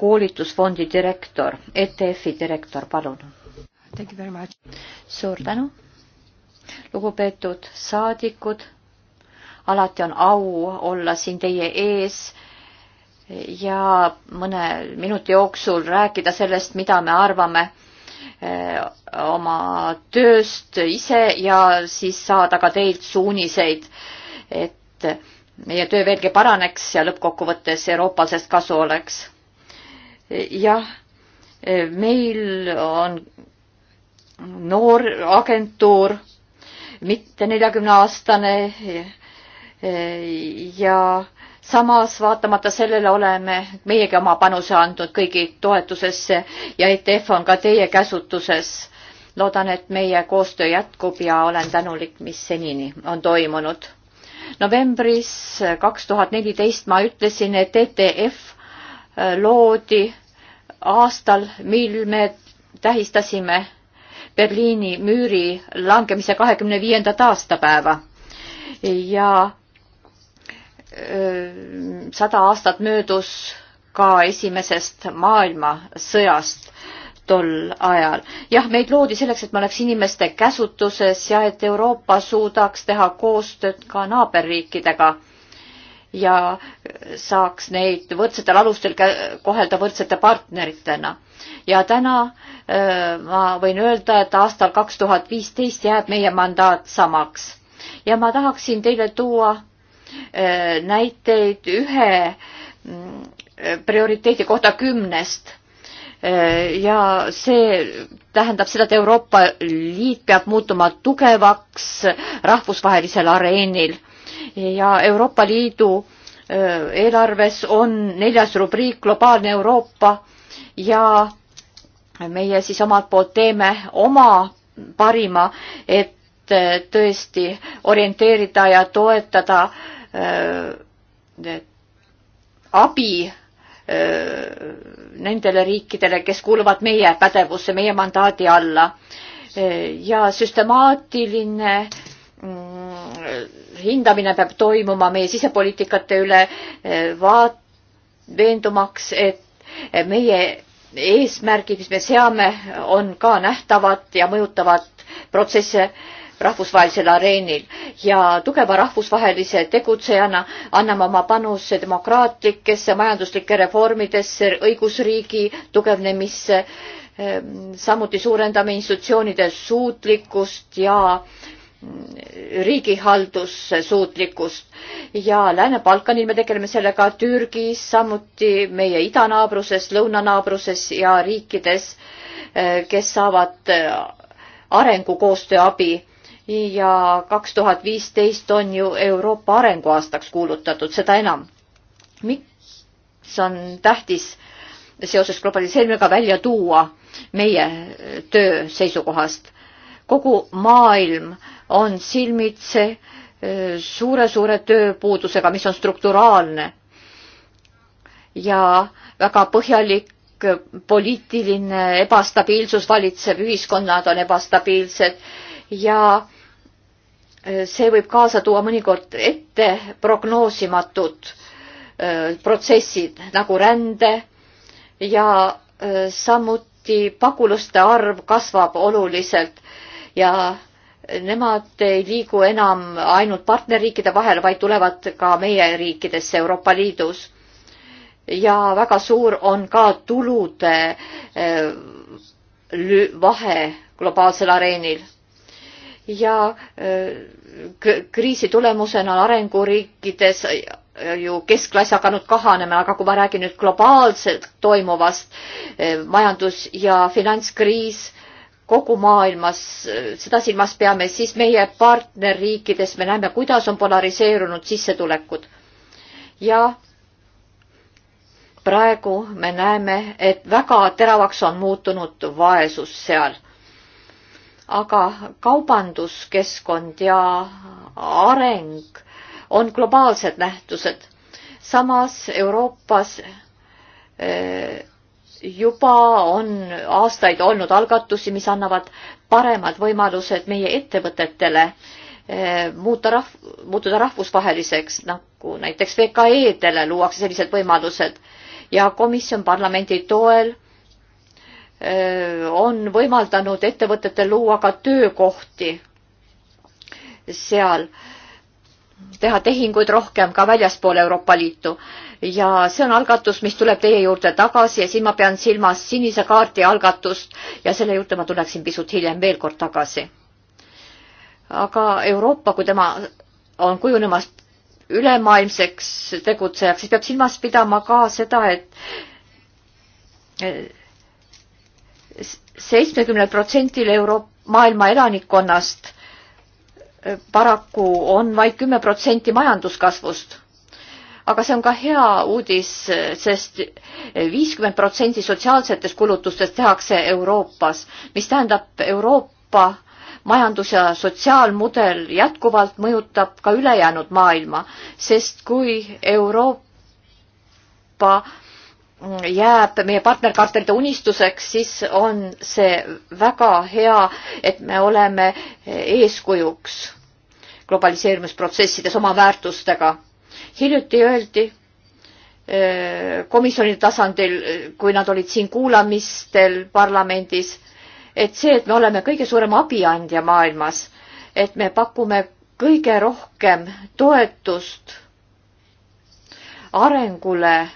koolitusfondi direktor, ETF-i direktor, palun. suur tänu. lugupeetud saadikud, alati on au olla siin teie ees ja mõne minuti jooksul rääkida sellest, mida me arvame eh, oma tööst ise ja siis saada ka teilt suuniseid, et meie töö veelgi paraneks ja lõppkokkuvõttes eurooplasest kasu oleks. jah, meil on noor agentuur, mitte neljakümne aastane eh, ja, ja samas vaatamata sellele oleme meiegi oma panuse andnud kõigi toetusesse ja ETF on ka teie käsutuses. loodan, et meie koostöö jätkub ja olen tänulik, mis senini on toimunud. novembris kaks tuhat neliteist ma ütlesin, et ETF äh, loodi aastal, mil me tähistasime Berliini müüri langemise kahekümne viiendat aastapäeva ja sada aastat möödus ka esimesest maailmasõjast tol ajal. jah, meid loodi selleks, et me oleks inimeste käsutuses ja et Euroopa suudaks teha koostööd ka naaberriikidega ja saaks neid võrdsetel alustel kohelda võrdsete partneritena. ja täna öö, ma võin öelda, et aastal kaks tuhat viisteist jääb meie mandaat samaks ja ma tahaksin teile tuua Äh, näiteid ühe mm, prioriteedi kohta kümnest äh, ja see tähendab seda, et Euroopa Liit peab muutuma tugevaks rahvusvahelisel areenil ja Euroopa Liidu äh, eelarves on neljas rubriik Globaalne Euroopa ja meie siis omalt poolt teeme oma parima, et tõesti orienteerida ja toetada äh, Äh, abi äh, nendele riikidele, kes kuuluvad meie pädevusse, meie mandaadi alla. Äh, ja süstemaatiline mm, hindamine peab toimuma meie sisepoliitikate üle, vaat-, veendumaks, et meie eesmärgid, mis me seame, on ka nähtavad ja mõjutavad protsesse rahvusvahelisel areenil ja tugeva rahvusvahelise tegutsejana anname oma panuse demokraatlikesse majanduslike reformidesse, õigusriigi tugevnemisse, ehm, samuti suurendame institutsioonide suutlikkust ja mm, riigihalduse suutlikkust ja Lääne-Balkanil me tegeleme sellega Türgis, samuti meie idanaabruses, lõunanaabruses ja riikides, eh, kes saavad eh, arengukoostöö abi ja kaks tuhat viisteist on ju Euroopa arenguaastaks kuulutatud, seda enam. miks on tähtis seoses globaliseerimisega välja tuua meie töö seisukohast? kogu maailm on silmitse suure-suure äh, tööpuudusega, mis on strukturaalne ja väga põhjalik äh, poliitiline ebastabiilsus valitseb, ühiskonnad on ebastabiilsed ja see võib kaasa tuua mõnikord ette prognoosimatud äh, protsessid nagu rände ja äh, samuti pagulaste arv kasvab oluliselt ja nemad ei liigu enam ainult partnerriikide vahel, vaid tulevad ka meie riikidesse Euroopa Liidus. ja väga suur on ka tulude äh, vahe globaalsel areenil ja kriisi tulemusena on arenguriikides ju keskklass hakanud kahanema, aga kui ma räägin nüüd globaalselt toimuvast eh, majandus- ja finantskriis kogu maailmas, eh, seda silmas peame, siis meie partnerriikides me näeme, kuidas on polariseerunud sissetulekud. ja praegu me näeme, et väga teravaks on muutunud vaesus seal aga kaubanduskeskkond ja areng on globaalsed nähtused. samas Euroopas eh, juba on aastaid olnud algatusi, mis annavad paremad võimalused meie ettevõtetele eh, muuta rahv-, muutuda rahvusvaheliseks, nagu näiteks VKE-dele luuakse sellised võimalused ja komisjon parlamendi toel on võimaldanud ettevõtetel luua ka töökohti seal, teha tehinguid rohkem ka väljaspool Euroopa Liitu. ja see on algatus, mis tuleb teie juurde tagasi ja siin ma pean silmas sinise kaardi algatust ja selle juurde ma tuleksin pisut hiljem veel kord tagasi. aga Euroopa, kui tema on kujunemas ülemaailmseks tegutsejaks, siis peab silmas pidama ka seda, et seitsmekümnel protsendil Euro-, maailma elanikkonnast eh, paraku on vaid kümme protsenti majanduskasvust. aga see on ka hea uudis sest, sest viiskümmend protsenti sotsiaalsetest kulutustest tehakse Euroopas, mis tähendab Euroopa majandus- ja sotsiaalmudel jätkuvalt mõjutab ka ülejäänud maailma, sest kui Euroopa jääb meie partnerkartelide unistuseks, siis on see väga hea, et me oleme eeskujuks globaliseerumisprotsessides oma väärtustega. hiljuti öeldi eh, komisjoni tasandil, kui nad olid siin kuulamistel parlamendis, et see, et me oleme kõige suurem abiandja maailmas, et me pakume kõige rohkem toetust arengule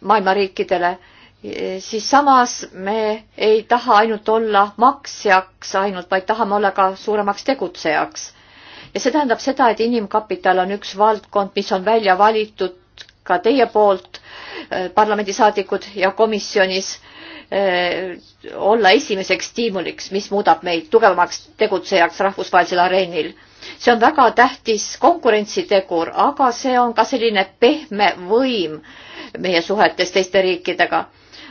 maailma riikidele, siis samas me ei taha ainult olla maksjaks ainult, vaid tahame olla ka suuremaks tegutsejaks. ja see tähendab seda, et inimkapital on üks valdkond, mis on välja valitud ka teie poolt, eh, parlamendisaadikud ja komisjonis eh, olla esimeseks stiimuliks, mis muudab meid tugevamaks tegutsejaks rahvusvahelisel areenil see on väga tähtis konkurentsitegur, aga see on ka selline pehme võim meie suhetes teiste riikidega.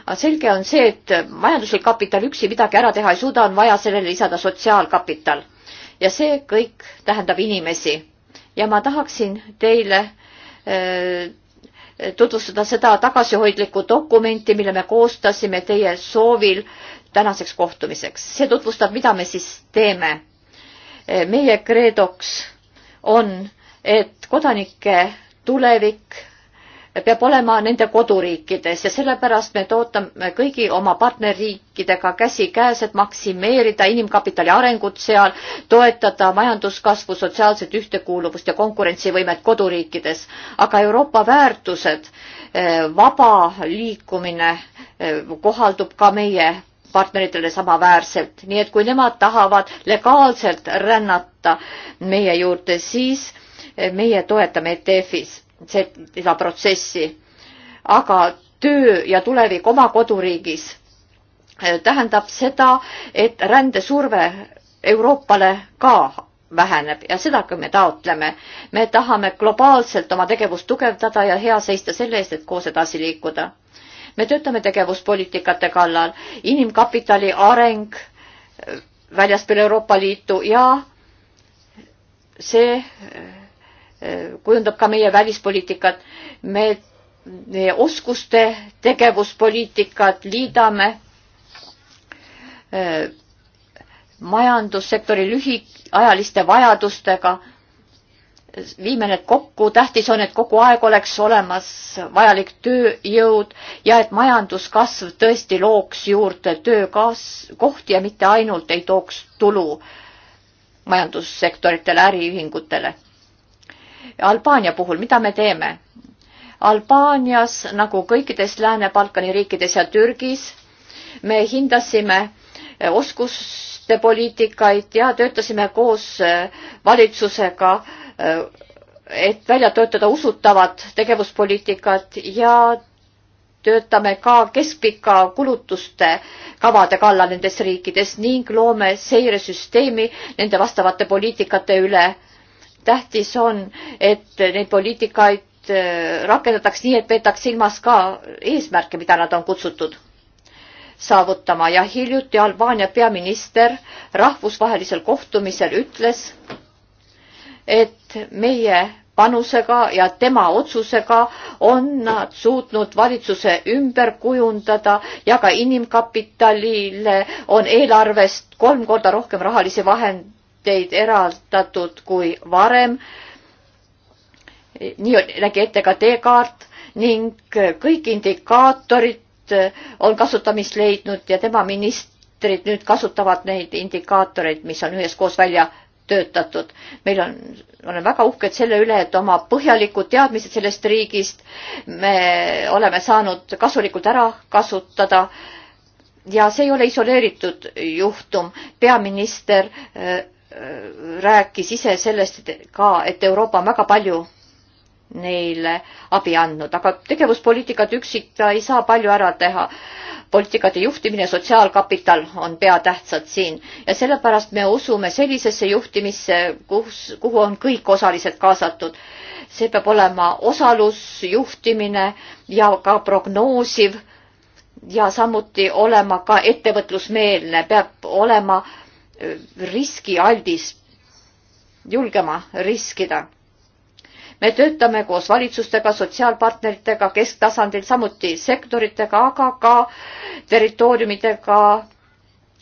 aga selge on see, et majanduslik kapital üksi midagi ära teha ei suuda, on vaja sellele lisada sotsiaalkapital. ja see kõik tähendab inimesi. ja ma tahaksin teile äh, tutvustada seda tagasihoidlikku dokumenti, mille me koostasime teie soovil tänaseks kohtumiseks. see tutvustab, mida me siis teeme Eh, meie kreedoks on, et kodanike tulevik peab olema nende koduriikides ja sellepärast me tootame kõigi oma partnerriikidega käsikäes, et maksimeerida inimkapitali arengut seal, toetada majanduskasvu, sotsiaalset ühtekuuluvust ja konkurentsivõimet koduriikides. aga Euroopa väärtused, eh, vaba liikumine eh, kohaldub ka meie partneritele samaväärselt, nii et kui nemad tahavad legaalselt rännata meie juurde, siis meie toetame ETF-is seda protsessi. aga töö ja tulevik oma koduriigis eh, tähendab seda, et rändesurve Euroopale ka väheneb ja seda ka me taotleme. me tahame globaalselt oma tegevust tugevdada ja hea seista selle eest, et koos edasi liikuda me töötame tegevuspoliitikate kallal, inimkapitali areng äh, väljaspool Euroopa Liitu ja see äh, äh, kujundab ka meie välispoliitikat. me meie oskuste tegevuspoliitikat liidame majandussektori lühiajaliste vajadustega viime need kokku, tähtis on, et kogu aeg oleks olemas vajalik tööjõud ja et majanduskasv tõesti looks juurde töökaas-, kohti ja mitte ainult ei tooks tulu majandussektoritele, äriühingutele. Albaania puhul, mida me teeme? Albaanias nagu kõikides Lääne-Balkani riikides ja Türgis me hindasime oskus poliitikaid ja töötasime koos äh, valitsusega, äh, et välja töötada usutavad tegevuspoliitikad ja töötame ka keskpika kulutuste kavade kallal nendes riikides ning loome seiresüsteemi nende vastavate poliitikate üle. tähtis on, et neid poliitikaid äh, rakendataks nii, et peetaks silmas ka eesmärke, mida nad on kutsutud saavutama ja hiljuti Albaania peaminister rahvusvahelisel kohtumisel ütles, et meie panusega ja tema otsusega on nad suutnud valitsuse ümber kujundada ja ka inimkapitalile on eelarvest kolm korda rohkem rahalisi vahendeid eraldatud kui varem. nii nägi ette ka teekaart ning kõik indikaatorid Äh, on kasutamist leidnud ja tema ministrid nüüd kasutavad neid indikaatoreid, mis on üheskoos välja töötatud. meil on, olen väga uhked selle üle, et oma põhjalikud teadmised sellest riigist me oleme saanud kasulikult ära kasutada. ja see ei ole isoleeritud juhtum. peaminister äh, äh, rääkis ise sellest ka, et Euroopa on väga palju neile abi andnud, aga tegevuspoliitikat üksik ta ei saa palju ära teha. poliitikate juhtimine, sotsiaalkapital on peatähtsad siin ja sellepärast me usume sellisesse juhtimisse, kus, kuhu on kõik osalised kaasatud. see peab olema osalus, juhtimine ja ka prognoosiv ja samuti olema ka ettevõtlusmeelne, peab olema riskialdis, julgema riskida me töötame koos valitsustega, sotsiaalpartneritega, kesktasandil, samuti sektoritega, aga ka territooriumidega,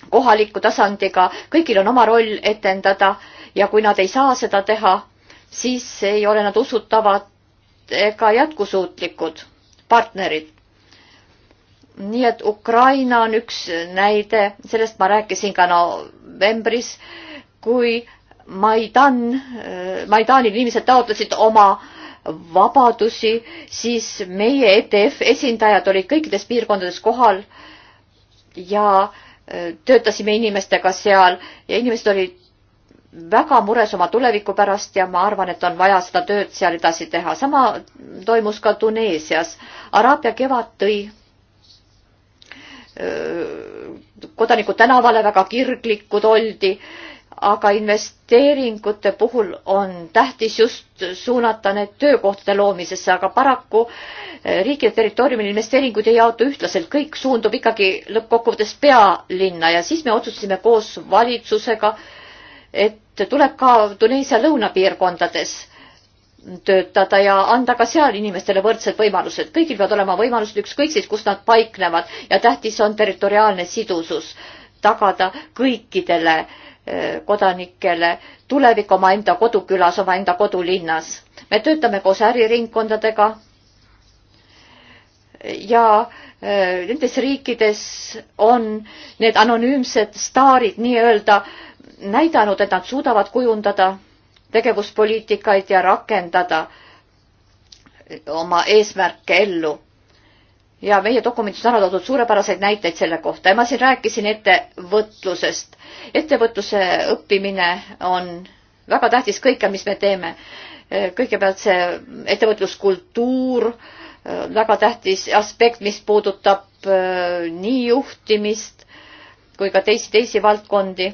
kohaliku tasandiga, kõigil on oma roll etendada ja kui nad ei saa seda teha, siis ei ole nad usutavad ega jätkusuutlikud partnerid. nii et Ukraina on üks näide, sellest ma rääkisin ka novembris, kui Maidan, Maidanil inimesed taotlesid oma vabadusi, siis meie ETF esindajad olid kõikides piirkondades kohal ja äh, töötasime inimestega seal ja inimesed olid väga mures oma tuleviku pärast ja ma arvan, et on vaja seda tööd seal edasi teha. sama toimus ka Tuneesias. Araabia kevad tõi äh, kodanikud tänavale, väga kirglikud oldi aga investeeringute puhul on tähtis just suunata need töökohtade loomisesse, aga paraku eh, riikide territooriumil investeeringud ei jaotu ühtlaselt, kõik suundub ikkagi lõppkokkuvõttes pealinna ja siis me otsustasime koos valitsusega, et tuleb ka Tuneesia lõunapiirkondades töötada ja anda ka seal inimestele võrdsed võimalused. kõigil peavad olema võimalused, ükskõik siis, kus nad paiknevad ja tähtis on territoriaalne sidusus tagada kõikidele äh, kodanikele tulevik omaenda kodukülas, omaenda kodulinnas. me töötame koos äriringkondadega ja äh, nendes riikides on need anonüümsed staarid nii-öelda näidanud, et nad suudavad kujundada tegevuspoliitikaid ja rakendada oma eesmärke ellu ja meie dokumendis on ära toodud suurepäraseid näiteid selle kohta ja ma siin rääkisin ettevõtlusest. ettevõtluse õppimine on väga tähtis kõike, mis me teeme. kõigepealt see ettevõtluskultuur, väga tähtis aspekt, mis puudutab eh, nii juhtimist kui ka teisi, teisi valdkondi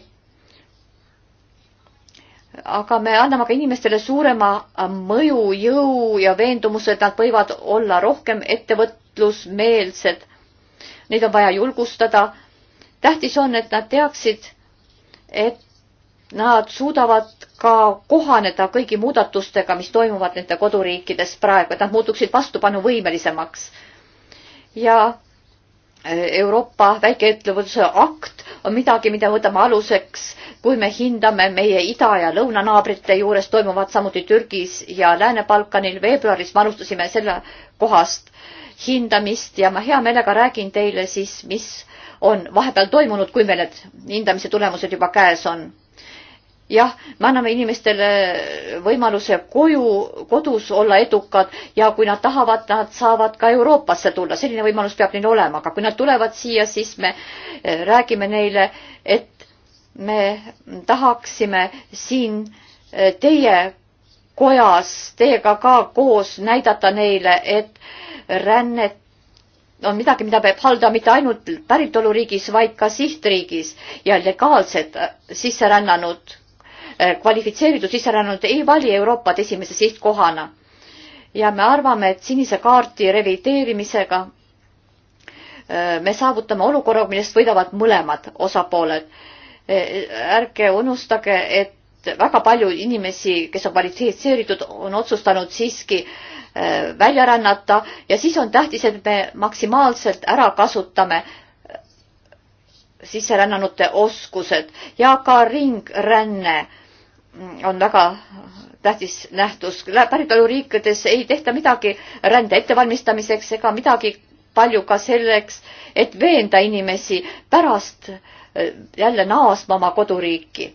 aga me anname ka inimestele suurema äh, mõju, jõu ja veendumuse, et nad võivad olla rohkem ettevõtlusmeelsed. Neid on vaja julgustada. tähtis on, et nad teaksid, et nad suudavad ka kohaneda kõigi muudatustega, mis toimuvad nende koduriikides praegu, et nad muutuksid vastupanuvõimelisemaks. ja Euroopa väikeettevõtluse akt on midagi, mida võtame aluseks, kui me hindame meie ida- ja lõunanaabrite juures toimuvat, samuti Türgis ja Lääne-Balkanil. veebruaris me alustasime selle kohast hindamist ja ma hea meelega räägin teile siis, mis on vahepeal toimunud, kui meil need hindamise tulemused juba käes on jah, me anname inimestele võimaluse koju, kodus olla edukad ja kui nad tahavad, nad saavad ka Euroopasse tulla, selline võimalus peab neil olema, aga kui nad tulevad siia, siis me eh, räägime neile, et me tahaksime siin eh, teie kojas teiega ka koos näidata neile, et rännet on midagi, mida peab haldama mitte ainult päritoluriigis, vaid ka sihtriigis ja legaalsed eh, sisserännanud Äh, kvalifitseeritud sisserännanud ei vali Euroopat esimese sihtkohana. ja me arvame, et sinise kaardi revideerimisega äh, me saavutame olukorra, millest võidavad mõlemad osapooled. Äh, ärge unustage, et väga palju inimesi, kes on kvalifitseeritud, on otsustanud siiski välja rännata ja siis on tähtis, et me maksimaalselt ära kasutame sisserännanute oskused ja ka ringränne on väga tähtis nähtus. päritoluriikides ei tehta midagi rände ettevalmistamiseks ega midagi palju ka selleks, et veenda inimesi pärast eh, jälle naasma oma koduriiki.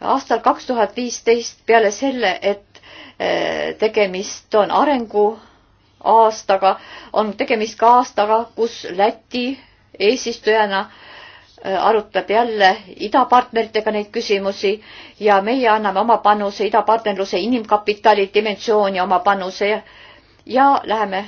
aastal kaks tuhat viisteist peale selle, et eh, tegemist on arenguaastaga, on tegemist ka aastaga, kus Läti eesistujana äh, Äh, arutab jälle idapartneritega neid küsimusi ja meie anname oma panuse idapartnerluse inimkapitali dimensiooni oma panuse ja läheme äh,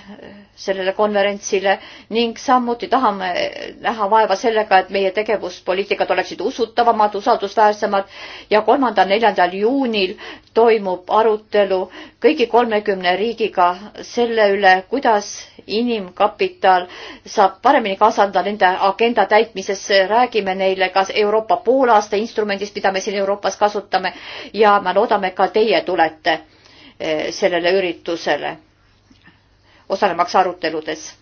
sellele konverentsile ning samuti tahame näha vaeva sellega, et meie tegevuspoliitikad oleksid usutavamad, usaldusväärsemad ja kolmandal, neljandal juunil toimub arutelu kõigi kolmekümne riigiga selle üle, kuidas inimkapital saab paremini kaasanda nende agenda täitmisesse, räägime neile ka Euroopa poolaasta instrumendist, mida me siin Euroopas kasutame ja me loodame, ka teie tulete äh, sellele üritusele osalemaks aruteludes.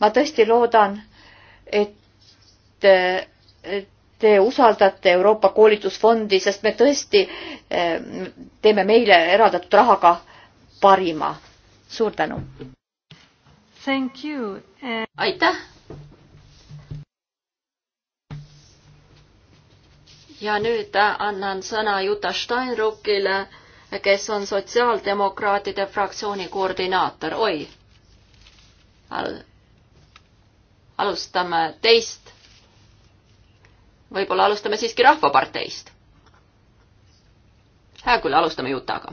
ma tõesti loodan, et te usaldate Euroopa koolitusfondi, sest me tõesti eh, teeme meile eraldatud rahaga parima. suur tänu. Eh, aitäh. ja nüüd annan sõna Juta Steinruckile, kes on sotsiaaldemokraatide fraktsiooni koordinaator. oi al-, alustame teist. võib-olla alustame siiski Rahvaparteist. hea küll, alustame Jutaga.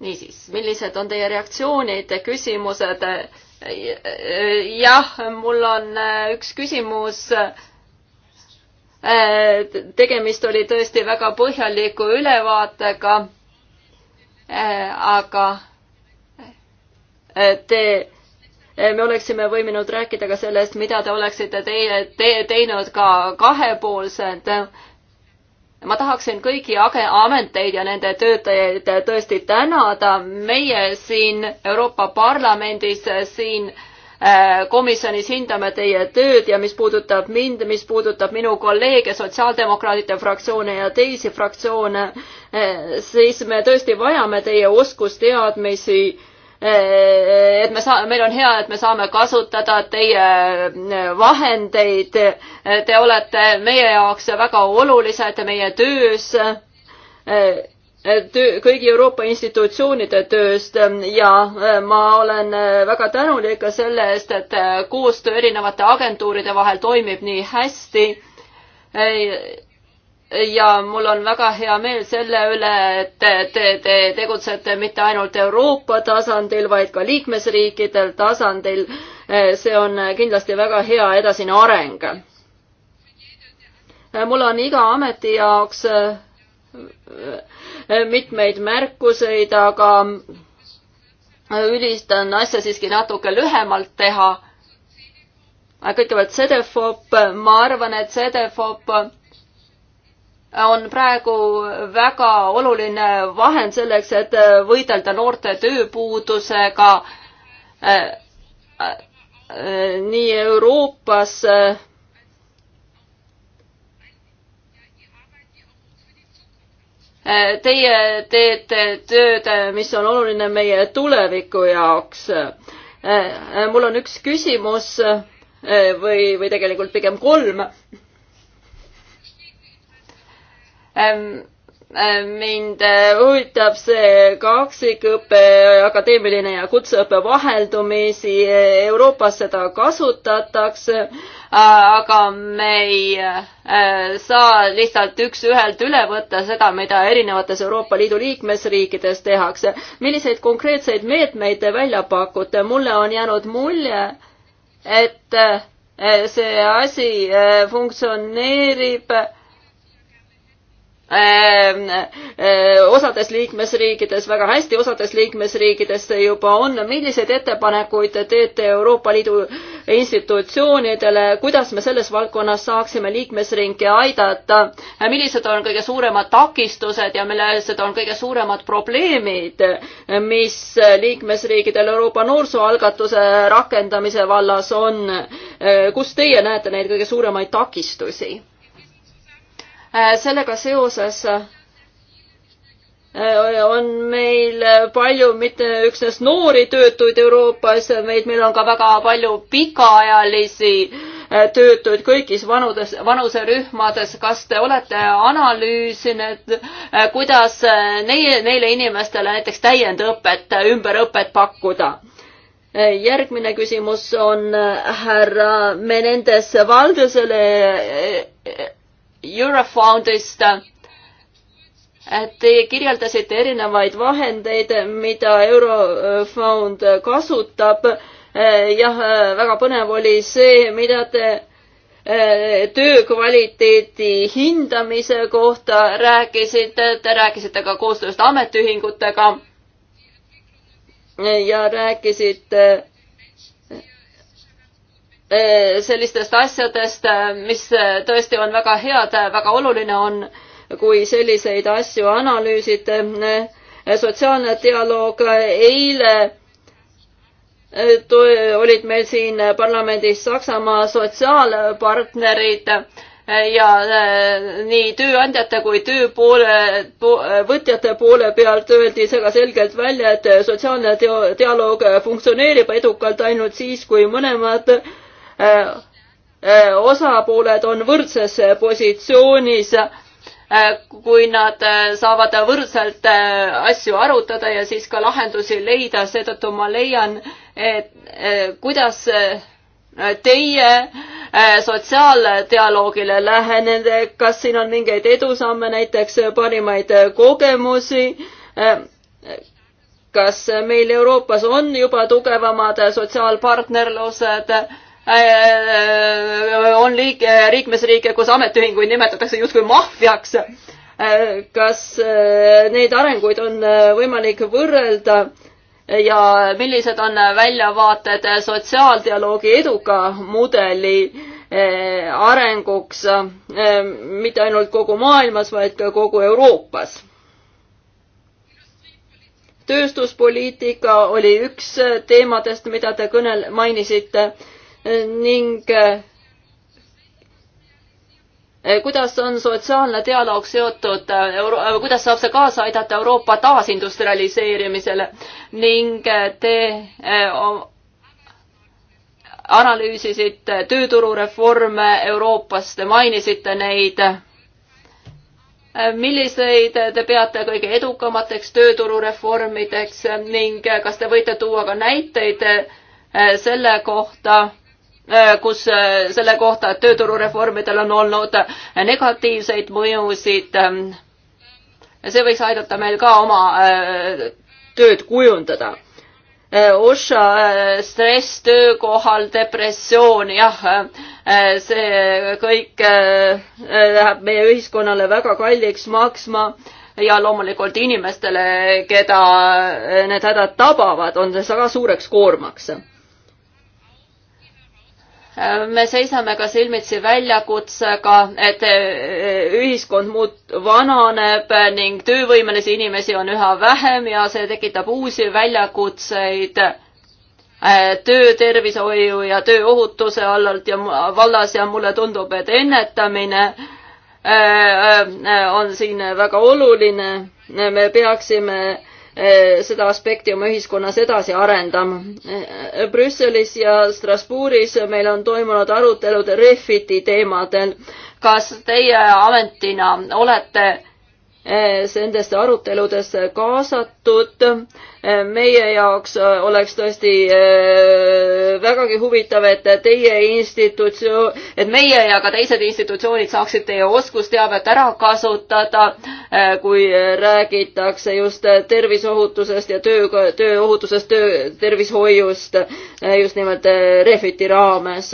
niisiis, millised on teie reaktsioonid, küsimused? jah, mul on äh, üks küsimus äh, tegemist oli tõesti väga põhjaliku ülevaatega, äh, aga Te, eh, me oleksime võinud rääkida ka sellest, mida te oleksite teie te, teinud ka kahepoolselt. ma tahaksin kõigi ameteid ja nende töötajaid tõesti tänada. meie siin Euroopa Parlamendis siin eh, komisjonis hindame teie tööd ja mis puudutab mind, mis puudutab minu kolleege, sotsiaaldemokraatide fraktsioone ja teisi fraktsioone, eh, siis me tõesti vajame teie oskusteadmisi et me saa-, meil on hea, et me saame kasutada teie äh, vahendeid. Te olete meie jaoks väga olulised meie töös äh, töö, kõigi Euroopa institutsioonide tööst ja äh, ma olen väga tänulik ka selle eest, et koostöö erinevate agentuuride vahel toimib nii hästi ja mul on väga hea meel selle üle, et te, te, te tegutsete mitte ainult Euroopa tasandil, vaid ka liikmesriikidel tasandil. see on kindlasti väga hea edasine areng. mul on iga ameti jaoks äh, mitmeid märkuseid, aga ülistan asja siiski natuke lühemalt teha. kõigepealt CDFOP, ma arvan, et CDFOP on praegu väga oluline vahend selleks, et äh, võidelda noorte tööpuudusega äh, äh, nii Euroopas Teie teete tööd, mis on oluline meie tuleviku jaoks. mul on üks küsimus või, või tegelikult pigem kolm mind äh, huvitab see kaksikõpe, akadeemiline ja kutseõpe vaheldumisi, Euroopas seda kasutatakse, äh, aga me ei äh, saa lihtsalt üks-ühelt üle võtta seda, mida erinevates Euroopa Liidu liikmesriikides tehakse. milliseid konkreetseid meetmeid te välja pakute, mulle on jäänud mulje, et see asi funktsioneerib Ehm, eh, osades liikmesriikides väga hästi, osades liikmesriikides see juba on. milliseid ettepanekuid teete Euroopa Liidu institutsioonidele, kuidas me selles valdkonnas saaksime liikmesringi aidata? millised on kõige suuremad takistused ja millised on kõige suuremad probleemid, mis liikmesriikidel Euroopa noorsooalgatuse rakendamise vallas on? Eh, kus teie näete neid kõige suuremaid takistusi? Äh, sellega seoses äh, on meil palju mitte üksnes noori töötuid Euroopas, vaid meil on ka väga palju pikaajalisi äh, töötuid kõigis vanudes, vanuserühmades. kas te olete analüüsinud, kuidas neile, neile inimestele näiteks täiendõpet, ümberõpet pakkuda? järgmine küsimus on härra Menendez Valdesele Eurofondist. Te kirjeldasite erinevaid vahendeid, mida Eurofond kasutab. jah, väga põnev oli see, mida te eh, töö kvaliteedi hindamise kohta rääkisite, te rääkisite ka koostööst ametiühingutega ja rääkisite Eh, sellistest asjadest, eh, mis eh, tõesti on väga head, väga oluline on, kui selliseid asju analüüsida. sotsiaalne dialoog eile olid meil siin parlamendis Saksamaa sotsiaalpartnerid ja nii tööandjate kui tööpoole po,, võtjate poole pealt öeldi väga selgelt välja, et sotsiaalne dialoog funktsioneerib edukalt ainult siis, kui mõlemad äh, Äh, äh, osapooled on võrdses positsioonis, äh, kui nad saavad võrdselt asju arutada ja siis ka lahendusi leida, seetõttu ma leian, et kuidas teie sotsiaaldialoogile lähenete, kas siin on mingeid edusamme, näiteks parimaid kogemusi? kas meil Euroopas on juba tugevamad sotsiaalpartnerlused? Äh, äh, on liik-, äh, liikmesriike, kus ametiühinguid nimetatakse justkui maffiaks. kas neid arenguid on võimalik võrrelda ja millised on väljavaated sotsiaaldialoogi eduka mudeli arenguks mitte ainult kogu maailmas, vaid ka kogu Euroopas? tööstuspoliitika oli üks teemadest, mida te kõnel-, mainisite ning eh, kuidas on sotsiaalne dialoog seotud, eh, eh, kuidas saab see kaasa aidata Euroopa taasindustrialiseerimisele ning te analüüsisite tööturureforme Euroopas, te mainisite neid. milliseid te peate kõige edukamateks tööturureformideks ning kas te võite tuua ka näiteid selle kohta, Äh, kus äh, selle kohta, et tööturureformidel on olnud negatiivseid mõjusid. Ähm, see võiks aidata meil ka oma äh, tööd kujundada. OSHA stress töökohal, depressioon, jah, see kõik läheb meie ühiskonnale väga kalliks maksma ja loomulikult inimestele, keda need hädad tabavad, on see väga suureks koormaks me seisame ka silmitsi väljakutsega, et e, e, ühiskond muut-, vananeb ning töövõimelisi inimesi on üha vähem ja see tekitab uusi väljakutseid e, töötervishoiu ja tööohutuse allalt ja vallas ja mulle tundub, et ennetamine on siin väga oluline. me peaksime Eh, seda aspekti oma ühiskonnas edasi arendama. Eh, Brüsselis ja Strasbourgis meil on toimunud arutelud Refiti teemadel. kas teie ametina olete Eh, nendest aruteludest kaasatud. Eh, meie jaoks eh, oleks tõesti vägagi huvitav, et teie institutsioon, et meie ja ka teised institutsioonid saaksid teie oskusteavet ära kasutada, kui räägitakse just terviseohutusest ja töö, tööohutusest, töö, tervishoiust just nimelt Refiti raames.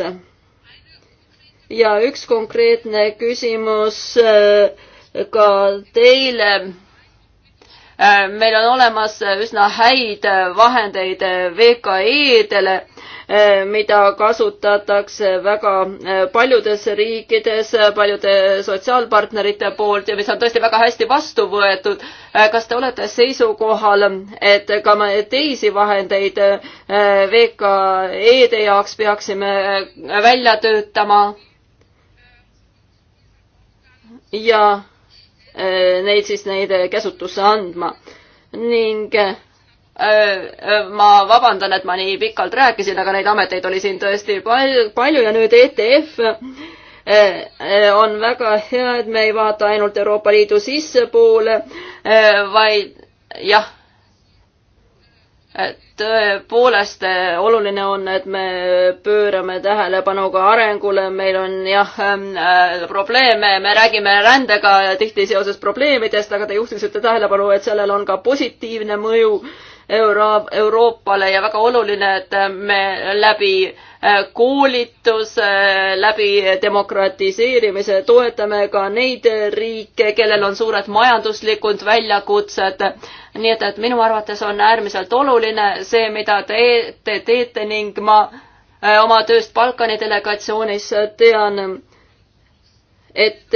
ja üks konkreetne küsimus äh, ka teile. Äh, meil on olemas üsna häid vahendeid VKE-dele, äh, mida kasutatakse väga äh, paljudes riikides, paljude sotsiaalpartnerite poolt ja mis on tõesti väga hästi vastu võetud. kas te olete seisukohal, et ka teisi vahendeid VKE-de jaoks peaksime välja töötama? ja Äh, neid siis neid käsutusse andma. ning äh, äh, ma vabandan, et ma nii pikalt rääkisin, aga neid ameteid oli siin tõesti palju, palju ja nüüd ETF on väga hea, et me ei vaata ainult Euroopa Liidu sissepoole, vaid jah, tõepoolest eh, oluline on, et me pöörame tähelepanu ka arengule, meil on jah äh, probleeme, me räägime rändega tihti seoses probleemidest, aga te juhtisite tähelepanu, et sellel on ka positiivne mõju Euro Euroopale ja väga oluline, et me läbi äh, Äh, koolitus äh, läbi demokratiseerimise, toetame ka neid riike, kellel on suured majanduslikud väljakutsed. nii et, et minu arvates on äärmiselt oluline see, mida te, te teete ning ma äh, oma tööst Balkani delegatsioonis tean, et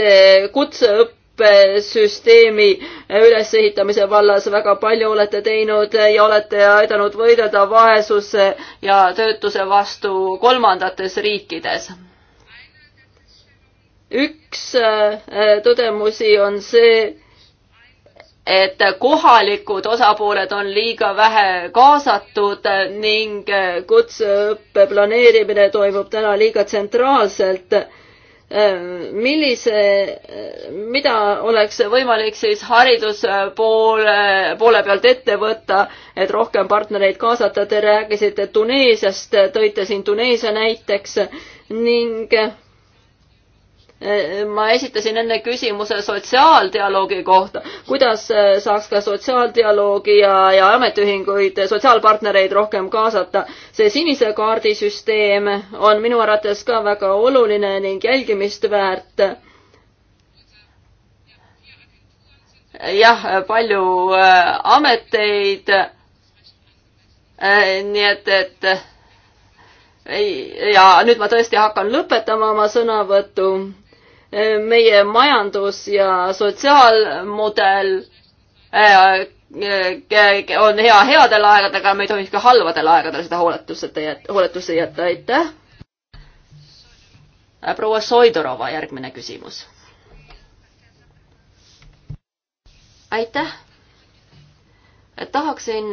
kutseõppe õppesüsteemi ülesehitamise vallas väga palju olete teinud ja olete aidanud võidelda vaesuse ja töötuse vastu kolmandates riikides. üks äh, tõdemusi on see, et kohalikud osapooled on liiga vähe kaasatud ning kutseõppe planeerimine toimub täna liiga tsentraalselt Ehm, millise, mida oleks võimalik siis hariduspoole, poole pealt ette võtta, et rohkem partnereid kaasata, te rääkisite Tuneesiast, tõite siin Tuneesia näiteks ning ma esitasin enne küsimuse sotsiaaldialoogi kohta, kuidas äh, saaks ka sotsiaaldialoogi ja, ja ametiühinguid, äh, sotsiaalpartnereid rohkem kaasata. see sinise kaardi süsteem on minu arvates ka väga oluline ning jälgimist väärt. jah, palju äh, ameteid. nii et, et ei, ja nüüd ma tõesti hakkan lõpetama oma sõnavõtu meie majandus ja sotsiaalmudel äh, äh, on hea headel aegadel, aga me ei tohiks ka halvadel aegadel seda hooletuseta jätta, hooletusse jätta, aitäh. Äh, proua Soidorova, järgmine küsimus. aitäh. tahaksin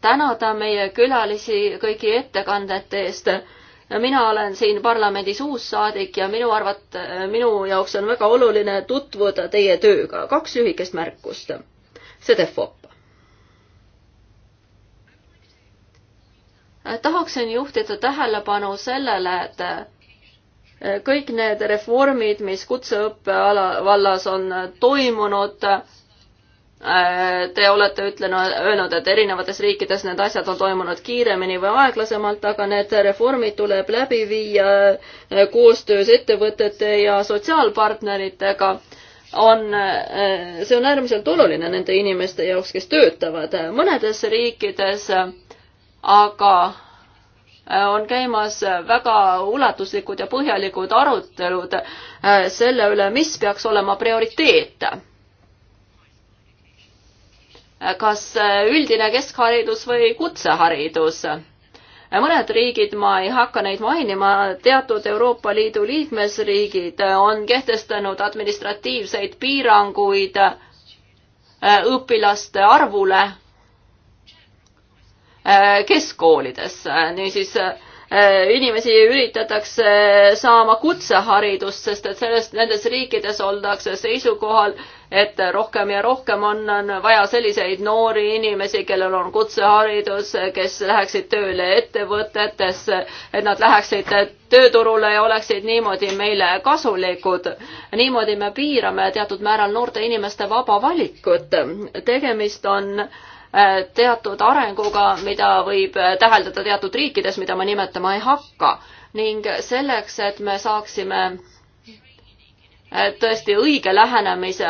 tänada meie külalisi kõigi ettekandete eest mina olen siin parlamendis uus saadik ja minu arvat-, minu jaoks on väga oluline tutvuda teie tööga. kaks lühikest märkust. Sedefop. tahaksin juhtida tähelepanu sellele, et kõik need reformid, mis kutseõppe ala, vallas on toimunud, Äh, te olete ütlenud, öelnud, et erinevates riikides need asjad on toimunud kiiremini või aeglasemalt, aga need reformid tuleb läbi viia äh, koostöös ettevõtete ja sotsiaalpartneritega. on, äh, see on äärmiselt oluline nende inimeste jaoks, kes töötavad mõnedes riikides, aga on käimas väga ulatuslikud ja põhjalikud arutelud selle üle, mis peaks olema prioriteet kas üldine keskharidus või kutseharidus. mõned riigid, ma ei hakka neid mainima, teatud Euroopa Liidu liikmesriigid on kehtestanud administratiivseid piiranguid äh, õpilaste arvule äh, keskkoolides, niisiis Äh, inimesi üritatakse saama kutseharidust, sest et sellest, nendes riikides oldakse seisukohal, et rohkem ja rohkem on, on vaja selliseid noori inimesi, kellel on kutseharidus, kes läheksid tööle ettevõtetesse, et nad läheksid tööturule ja oleksid niimoodi meile kasulikud. niimoodi me piirame teatud määral noorte inimeste vaba valikut. tegemist on äh, Äh, teatud arenguga, mida võib äh, täheldada teatud riikides, mida ma nimetama ei hakka. ning selleks, et me saaksime äh, tõesti õige lähenemise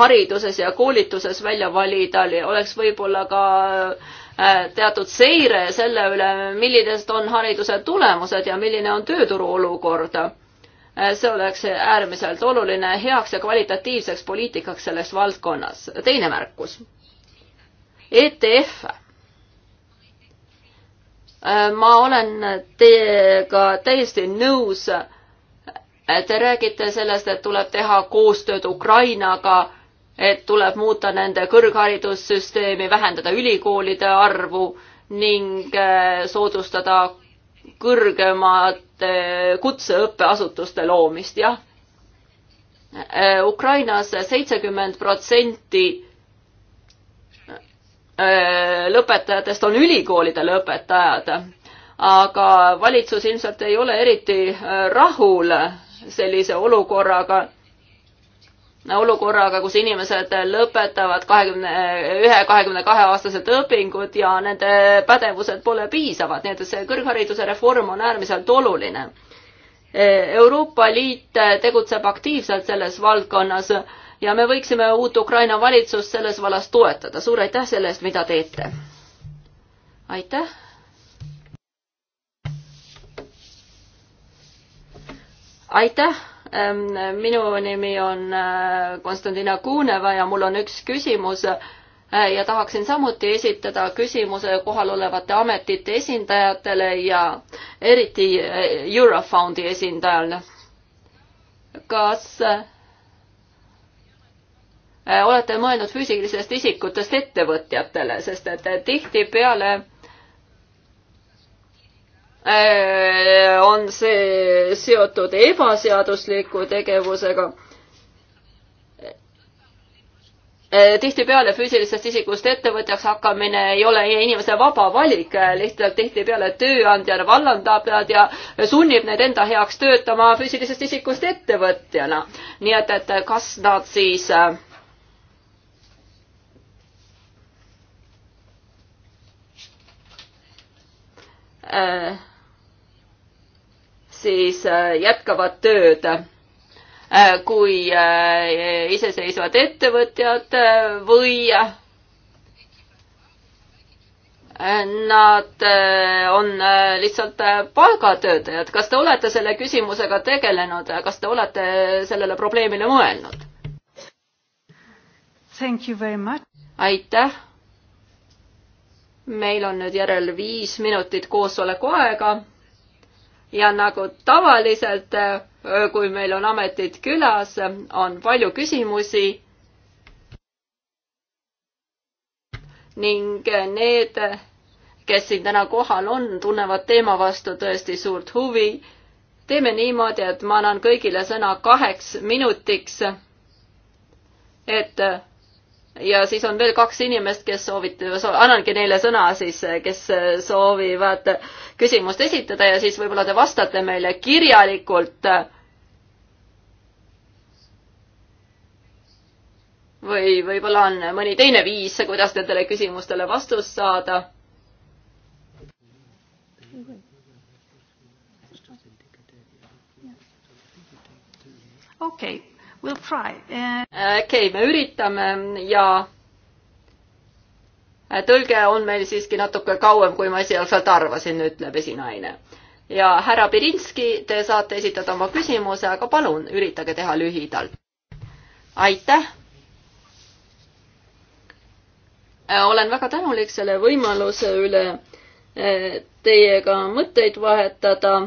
hariduses ja koolituses välja valida, oleks võib-olla ka teatud seire selle üle, millised on hariduse tulemused ja milline on tööturu olukord. see oleks äärmiselt oluline heaks ja kvalitatiivseks poliitikaks selles valdkonnas. teine märkus ETF. Äh, ma olen teiega täiesti nõus. Äh, te räägite sellest, et tuleb teha koostööd Ukrainaga, et tuleb muuta nende kõrgharidussüsteemi, vähendada ülikoolide arvu ning äh, soodustada kõrgemate kutseõppeasutuste loomist, jah. Ukrainas seitsekümmend protsenti Äh, lõpetajatest on ülikoolide lõpetajad, aga valitsus ilmselt ei ole eriti äh, rahul sellise olukorraga, olukorraga, kus inimesed lõpetavad kahekümne ühe, kahekümne kahe aastased õpingud ja nende pädevused pole piisavad, nii et see kõrghariduse reform on äärmiselt oluline. Äh, Euroopa Liit tegutseb aktiivselt selles valdkonnas ja me võiksime uut Ukraina valitsust selles vallas toetada. suur aitäh selle eest, mida teete. aitäh. aitäh, ähm, minu nimi on äh, Konstantina Kuuneva ja mul on üks küsimus äh, ja tahaksin samuti esitada küsimuse kohalolevate ametite esindajatele ja eriti äh, Eurofondi esindajale. kas Äh, olete mõelnud füüsilisest isikutest ettevõtjatele, sest et tihtipeale äh, on see seotud ebaseadusliku tegevusega. Äh, tihtipeale füüsilisest isikust ettevõtjaks hakkamine ei ole inimese vaba valik, lihtsalt tihtipeale tööandja vallandab nad ja sunnib neid enda heaks töötama füüsilisest isikust ettevõtjana. nii et, et kas nad siis äh, Äh, siis äh, jätkavad tööd äh, kui iseseisvad ettevõtjad või nad on lihtsalt palgatöötajad. kas te olete selle küsimusega tegelenud, kas te olete sellele probleemile mõelnud? aitäh meil on nüüd järel viis minutit koosoleku aega. ja nagu tavaliselt, äh, kui meil on ametid külas, on palju küsimusi. ning äh, need, äh, kes siin täna kohal on, tunnevad teema vastu tõesti suurt huvi. teeme niimoodi, et ma annan kõigile sõna kaheks minutiks. et ja siis on veel kaks inimest, kes soovid, annangi neile sõna siis, kes soovivad küsimust esitada ja siis võib-olla te vastate meile kirjalikult. või võib-olla on mõni teine viis, kuidas nendele küsimustele vastust saada okei okay., We'll try. Eh, okei okay,, me üritame ja eh, tõlge on meil siiski natuke kauem, kui ma esialgselt arvasin, ütleb esinaine. ja härra Pirinski, te saate esitada oma küsimuse, aga palun üritage teha lühidalt. aitäh. Eh, olen väga tänulik selle võimaluse üle teiega mõtteid vahetada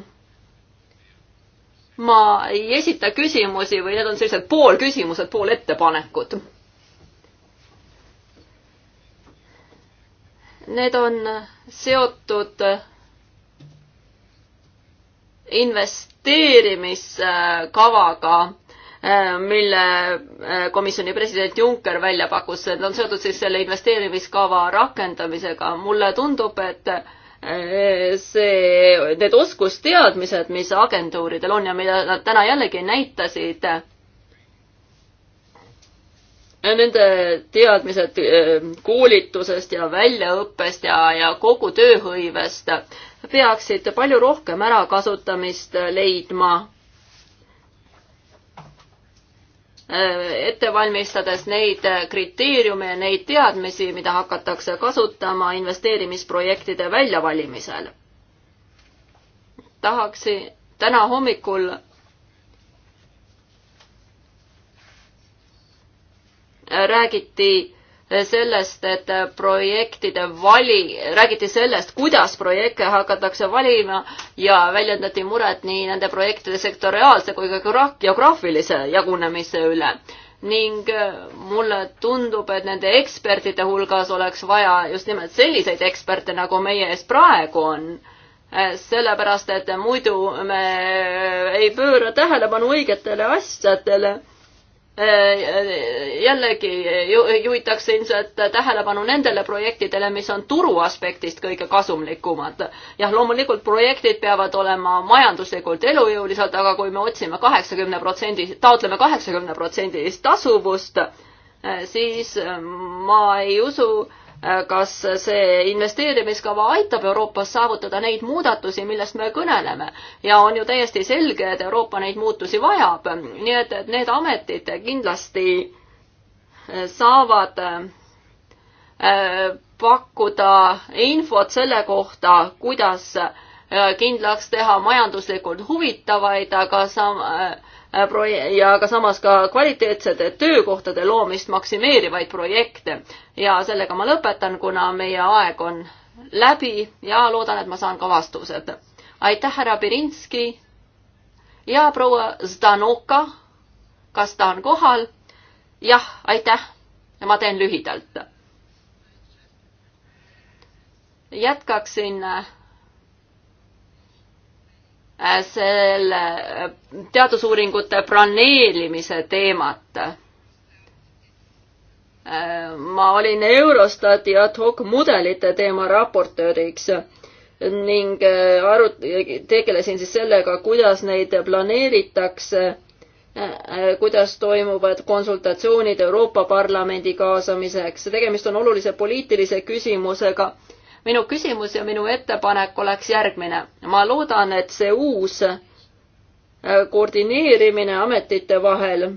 ma ei esita küsimusi või need on sellised pool küsimused, pool ettepanekud. Need on seotud investeerimiskavaga, mille komisjoni president Juncker välja pakkus, need on seotud siis selle investeerimiskava rakendamisega. mulle tundub, et see, need oskusteadmised, mis agentuuridel on ja mida nad täna jällegi näitasid, nende teadmised eh, koolitusest ja väljaõppest ja, ja kogu tööhõivest peaksid palju rohkem ärakasutamist leidma ette valmistades neid kriteeriume ja neid teadmisi, mida hakatakse kasutama investeerimisprojektide väljavalimisel. tahaksin täna hommikul räägiti sellest, et projektide vali, räägiti sellest, kuidas projekte hakatakse valima ja väljendati muret nii nende projektide sektoriaalse kui ka geograafilise jagunemise üle. ning äh, mulle tundub, et nende ekspertide hulgas oleks vaja just nimelt selliseid eksperte, nagu meie ees praegu on äh, sellepärast, et muidu me äh, ei pööra tähelepanu õigetele asjadele Äh, jällegi juhitakse ilmselt tähelepanu nendele projektidele, mis on turu aspektist kõige kasumlikumad. jah, loomulikult projektid peavad olema majanduslikult elujõulised, aga kui me otsime kaheksakümne protsendi, taotleme kaheksakümne protsendilist tasuvust, äh, siis ma ei usu, kas see investeerimiskava aitab Euroopas saavutada neid muudatusi, millest me kõneleme. ja on ju täiesti selge, et Euroopa neid muutusi vajab, nii et, et need ametid kindlasti äh, saavad äh, pakkuda infot selle kohta, kuidas äh, kindlaks teha majanduslikult huvitavaid, aga sama Äh, ja ka samas ka kvaliteetsete töökohtade loomist maksimeerivaid projekte. ja sellega ma lõpetan, kuna meie aeg on läbi ja loodan, et ma saan ka vastused. aitäh, härra Pirinski ja proua Zdanoka. kas ta on kohal? jah, aitäh. ma teen lühidalt. jätkaksin äh, Äh, selle äh, teadusuuringute planeerimise teemat. Äh, ma olin Eurostati ad hoc mudelite teema raportööriks ning arut-, tegelesin siis sellega, kuidas neid planeeritakse, kuidas toimuvad konsultatsioonid Euroopa Parlamendi kaasamiseks. tegemist on olulise poliitilise küsimusega minu küsimus ja minu ettepanek oleks järgmine. ma loodan, et see uus äh, koordineerimine ametite vahel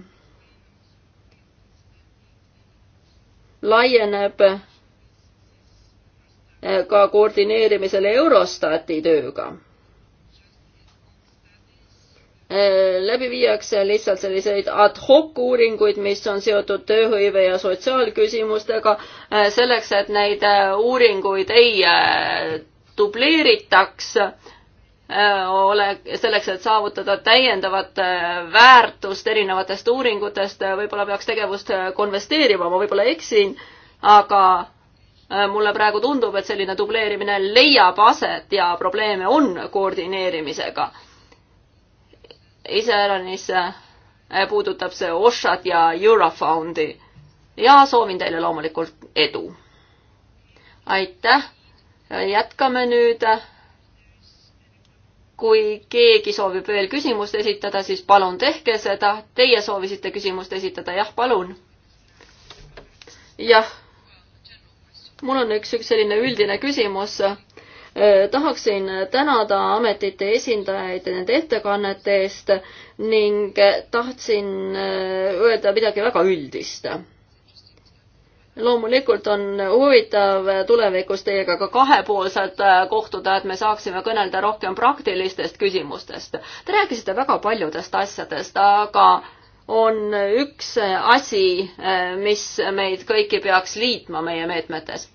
laieneb äh, ka koordineerimisele Eurostati tööga Äh, läbi viiakse lihtsalt selliseid ad hoc uuringuid, mis on seotud tööhõive ja sotsiaalküsimustega, äh, selleks, et neid äh, uuringuid ei dubleeritaks, ole, selleks, et saavutada täiendavat väärtust erinevatest uuringutest, võib-olla peaks tegevust konvesteerima, ma võib-olla eksin, aga mulle praegu tundub, et selline dubleerimine leiab aset ja probleeme on koordineerimisega iseäranis äh, puudutab see OSHA-t ja Eurofondi ja soovin teile loomulikult edu. aitäh, jätkame nüüd. kui keegi soovib veel küsimust esitada, siis palun tehke seda. Teie soovisite küsimust esitada, jah, palun. jah, mul on üks, üks selline üldine küsimus Äh, tahaksin tänada ametite esindajaid nende ettekannete eest ning tahtsin äh, öelda midagi väga üldist. loomulikult on huvitav tulevikus teiega ka kahepoolselt äh, kohtuda, et me saaksime kõnelda rohkem praktilistest küsimustest. Te rääkisite väga paljudest asjadest, aga on üks asi, mis meid kõiki peaks liitma meie meetmetes.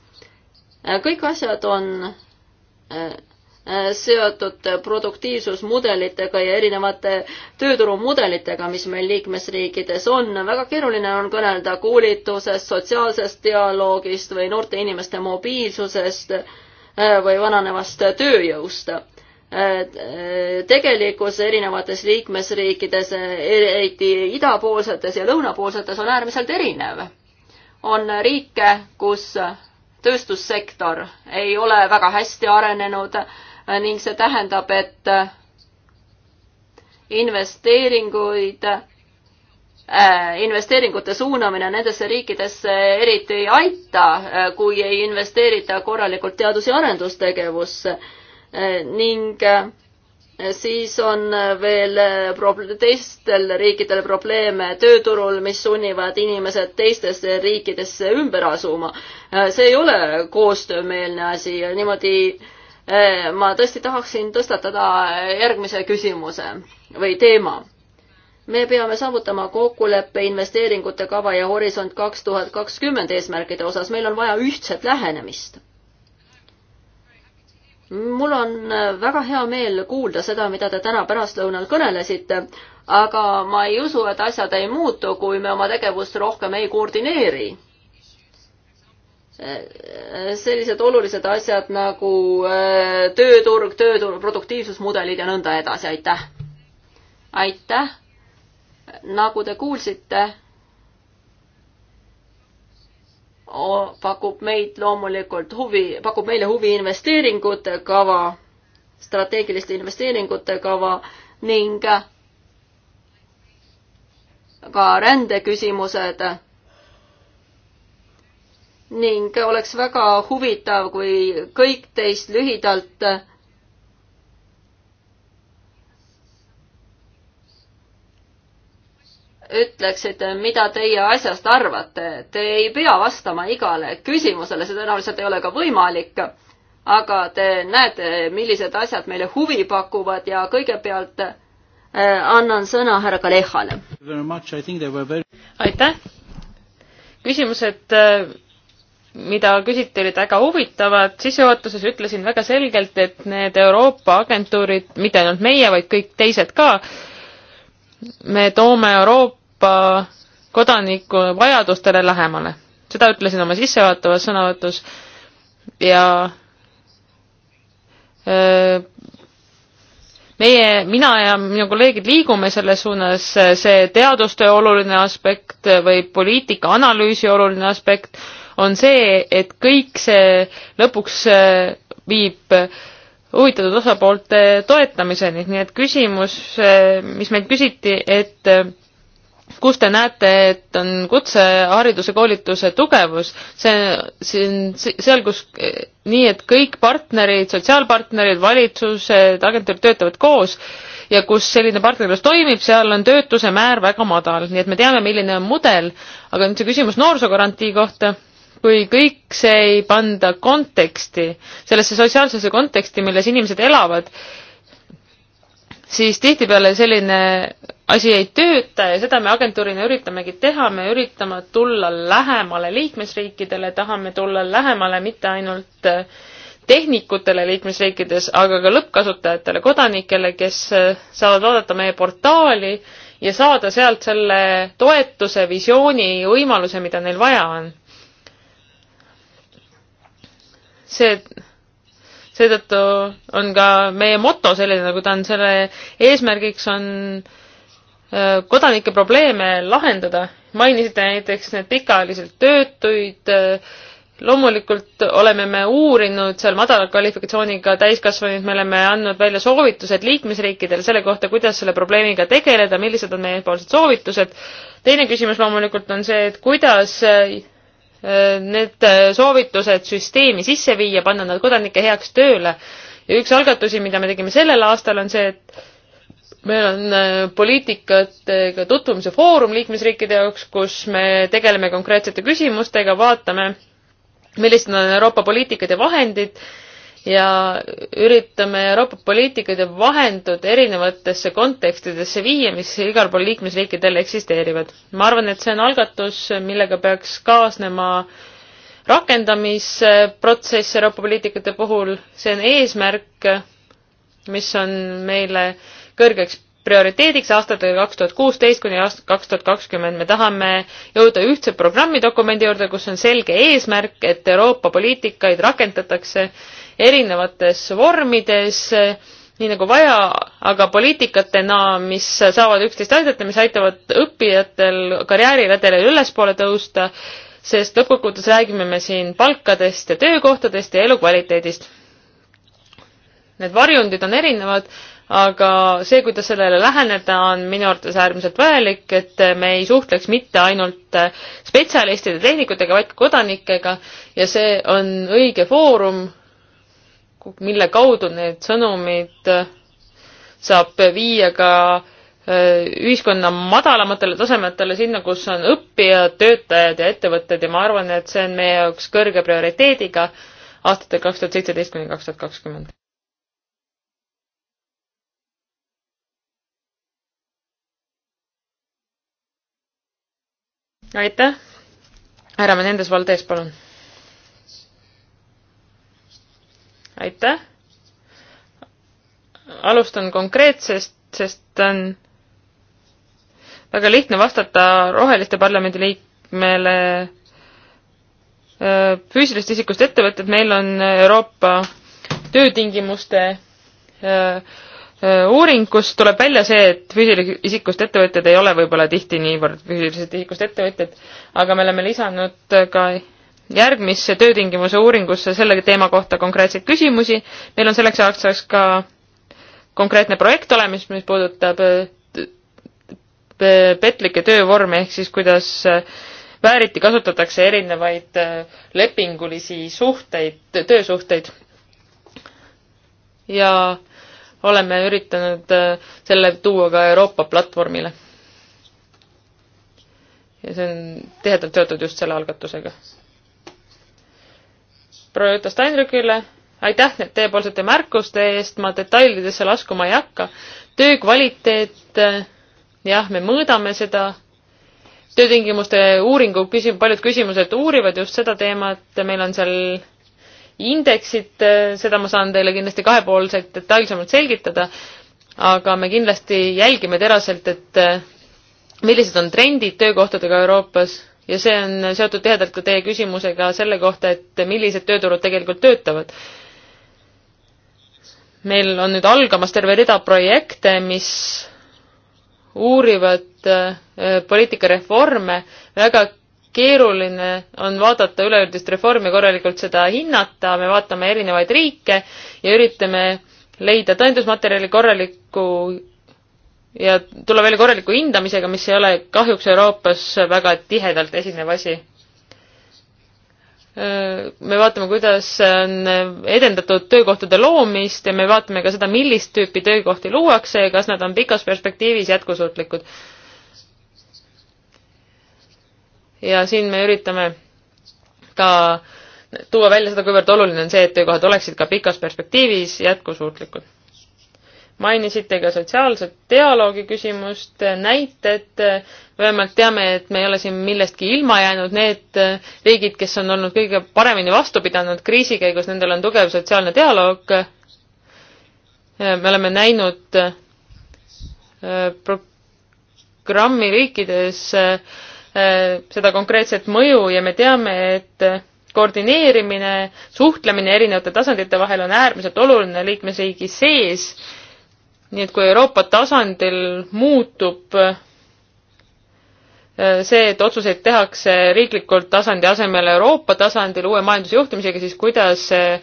kõik asjad on Äh, seotud produktiivsusmudelitega ja erinevate tööturumudelitega, mis meil liikmesriikides on. väga keeruline on kõnelda koolitusest, sotsiaalsest dialoogist või noorte inimeste mobiilsusest äh, või vananevast tööjõust. Äh, tegelikkus erinevates liikmesriikides, eriti idapoolsetes ja lõunapoolsetes, on äärmiselt erinev. on riike, kus tööstussektor ei ole väga hästi arenenud äh, ning see tähendab, et äh, investeeringuid, äh, investeeringute suunamine nendesse riikidesse eriti ei aita, kui ei investeerita korralikult teadus- ja arendustegevusse ning siis on veel teistel riikidel probleeme tööturul, mis sunnivad inimesed teistesse riikidesse ümber asuma. see ei ole koostöömeelne asi ja niimoodi eh, ma tõesti tahaksin tõstatada järgmise küsimuse või teema. me peame saavutama kokkuleppe investeeringute kava ja Horisont kaks tuhat kakskümmend eesmärkide osas, meil on vaja ühtset lähenemist mul on äh, väga hea meel kuulda seda, mida te täna pärastlõunal kõnelesite, aga ma ei usu, et asjad ei muutu, kui me oma tegevust rohkem ei koordineeri. Äh, äh, sellised olulised asjad nagu tööturg, tööturu produktiivsusmudelid ja nõnda edasi, aitäh! aitäh! nagu te kuulsite pakub meid loomulikult huvi, pakub meile huvi investeeringute kava, strateegiliste investeeringute kava ning ka rändeküsimused. ning oleks väga huvitav, kui kõik teist lühidalt ütleksite, mida teie asjast arvate. Te ei pea vastama igale küsimusele, see tõenäoliselt ei ole ka võimalik. aga te näete, millised asjad meile huvi pakuvad ja kõigepealt äh, annan sõna härra Kalehale. aitäh. küsimused, äh, mida küsiti, olid väga huvitavad. sissejuhatuses ütlesin väga selgelt, et need Euroopa agentuurid, mitte ainult meie, vaid kõik teised ka, me toome Euroopa Euroopa kodaniku vajadustele lähemale. seda ütlesin oma sissejuhatavas sõnavõtus ja öö, meie, mina ja minu kolleegid liigume selles suunas, see teadustöö oluline aspekt või poliitika analüüsi oluline aspekt on see, et kõik see lõpuks viib huvitatud osapoolte toetamiseni, nii et küsimus, mis meilt küsiti, et kus te näete, et on kutsehariduse koolituse tugevus, see, siin, seal, kus nii, et kõik partnerid, sotsiaalpartnerid, valitsused, agentuurid töötavad koos ja kus selline partnerlus toimib, seal on töötuse määr väga madal, nii et me teame, milline on mudel, aga nüüd see küsimus noorsoogarantii kohta, kui kõik see ei panda konteksti, sellesse sotsiaalsesse konteksti, milles inimesed elavad, siis tihtipeale selline asi ei tööta ja seda me agentuurina üritamegi teha, me üritame tulla lähemale liikmesriikidele, tahame tulla lähemale mitte ainult äh, tehnikutele liikmesriikides, aga ka lõppkasutajatele, kodanikele, kes äh, saavad vaadata meie portaali ja saada sealt selle toetuse, visiooni, võimaluse, mida neil vaja on. see seetõttu on ka meie moto selline, nagu ta on, selle eesmärgiks on äh, kodanike probleeme lahendada. mainisite näiteks need pikaajaliselt töötuid, äh, loomulikult oleme me uurinud seal madala kvalifikatsiooniga täiskasvanuid, me oleme andnud välja soovitused liikmesriikidele selle kohta, kuidas selle probleemiga tegeleda, millised on meiepoolsed soovitused. teine küsimus loomulikult on see, et kuidas äh, Äh, need äh, soovitused süsteemi sisse viia, panna nad kodanike heaks tööle. ja üks algatusi, mida me tegime sellel aastal, on see, et meil on äh, poliitikatega tutvumise foorum liikmesriikide jaoks, kus me tegeleme konkreetsete küsimustega, vaatame, millised on Euroopa poliitikad ja vahendid ja üritame Euroopa poliitikaid ja vahendud erinevatesse kontekstidesse viia, mis igal pool liikmesriikidel eksisteerivad. ma arvan, et see on algatus, millega peaks kaasnema rakendamisprotsess Euroopa poliitikate puhul, see on eesmärk, mis on meile kõrgeks prioriteediks aastatel kaks tuhat kuusteist kuni aasta kaks tuhat kakskümmend. me tahame jõuda ühtse programmidokumendi juurde, kus on selge eesmärk, et Euroopa poliitikaid rakendatakse erinevates vormides, nii nagu vaja, aga poliitikatena, mis saavad üksteist aidata, mis aitavad õppijatel karjääriredele ülespoole tõusta, sest lõppkokkuvõttes räägime me siin palkadest ja töökohtadest ja elukvaliteedist. Need varjundid on erinevad, aga see, kuidas sellele läheneda, on minu arvates äärmiselt vajalik, et me ei suhtleks mitte ainult spetsialistide, tehnikutega, vaid ka kodanikega ja see on õige foorum mille kaudu need sõnumid äh, saab viia ka äh, ühiskonna madalamatele tasemetele, sinna, kus on õppijad, töötajad ja ettevõtted ja ma arvan, et see on meie jaoks kõrge prioriteediga aastatel kaks tuhat seitseteist kuni kaks tuhat kakskümmend. aitäh, härra Menendez Valdes, palun aitäh! alustan konkreetsest, sest on väga lihtne vastata roheliste parlamendiliikmele füüsilisest isikust ettevõtted, meil on Euroopa töötingimuste uuring, kus tuleb välja see, et füüsilisest isikust ettevõtted ei ole võib-olla tihti niivõrd füüsilisest isikust ettevõtted, aga me oleme lisanud ka järgmisse töötingimuse uuringusse selle teema kohta konkreetseid küsimusi. meil on selleks ajaks ka konkreetne projekt olemas, mis puudutab äh, petlikke töövorme ehk siis kuidas äh, vääriti kasutatakse erinevaid äh, lepingulisi suhteid, töösuhteid. ja oleme üritanud selle tuua ka Euroopa platvormile. ja see on tihedalt seotud just selle algatusega proua Juta Steinrückile, aitäh teiepoolsete märkuste eest, ma detailidesse laskuma ei hakka. töö kvaliteet, äh, jah, me mõõdame seda, töötingimuste uuringu küsim-, paljud küsimused uurivad just seda teemat, meil on seal indeksid, äh, seda ma saan teile kindlasti kahepoolselt detailsemalt selgitada, aga me kindlasti jälgime teraselt, et äh, millised on trendid töökohtadega Euroopas ja see on seotud tihedalt ka teie küsimusega selle kohta, et millised tööturud tegelikult töötavad. meil on nüüd algamas terve rida projekte, mis uurivad äh, poliitikareforme, väga keeruline on vaadata üleüldist reformi, korralikult seda hinnata, me vaatame erinevaid riike ja üritame leida tõendusmaterjali korraliku ja tuleb välja korraliku hindamisega, mis ei ole kahjuks Euroopas väga tihedalt esinev asi. me vaatame, kuidas on edendatud töökohtade loomist ja me vaatame ka seda, millist tüüpi töökohti luuakse ja kas nad on pikas perspektiivis jätkusuutlikud. ja siin me üritame ka tuua välja seda, kuivõrd oluline on see, et töökohad oleksid ka pikas perspektiivis jätkusuutlikud mainisite ka sotsiaalset dialoogi küsimust, näited, vähemalt teame, et me ei ole siin millestki ilma jäänud, need riigid, kes on olnud kõige paremini vastu pidanud kriisi käigus, nendel on tugev sotsiaalne dialoog. me oleme näinud äh, programmi riikides äh, seda konkreetset mõju ja me teame, et koordineerimine, suhtlemine erinevate tasandite vahel on äärmiselt oluline liikmesriigi sees nii et kui Euroopa tasandil muutub äh, see, et otsuseid tehakse riiklikult tasandi asemel Euroopa tasandil uue majandusjuhtimisega, siis kuidas äh,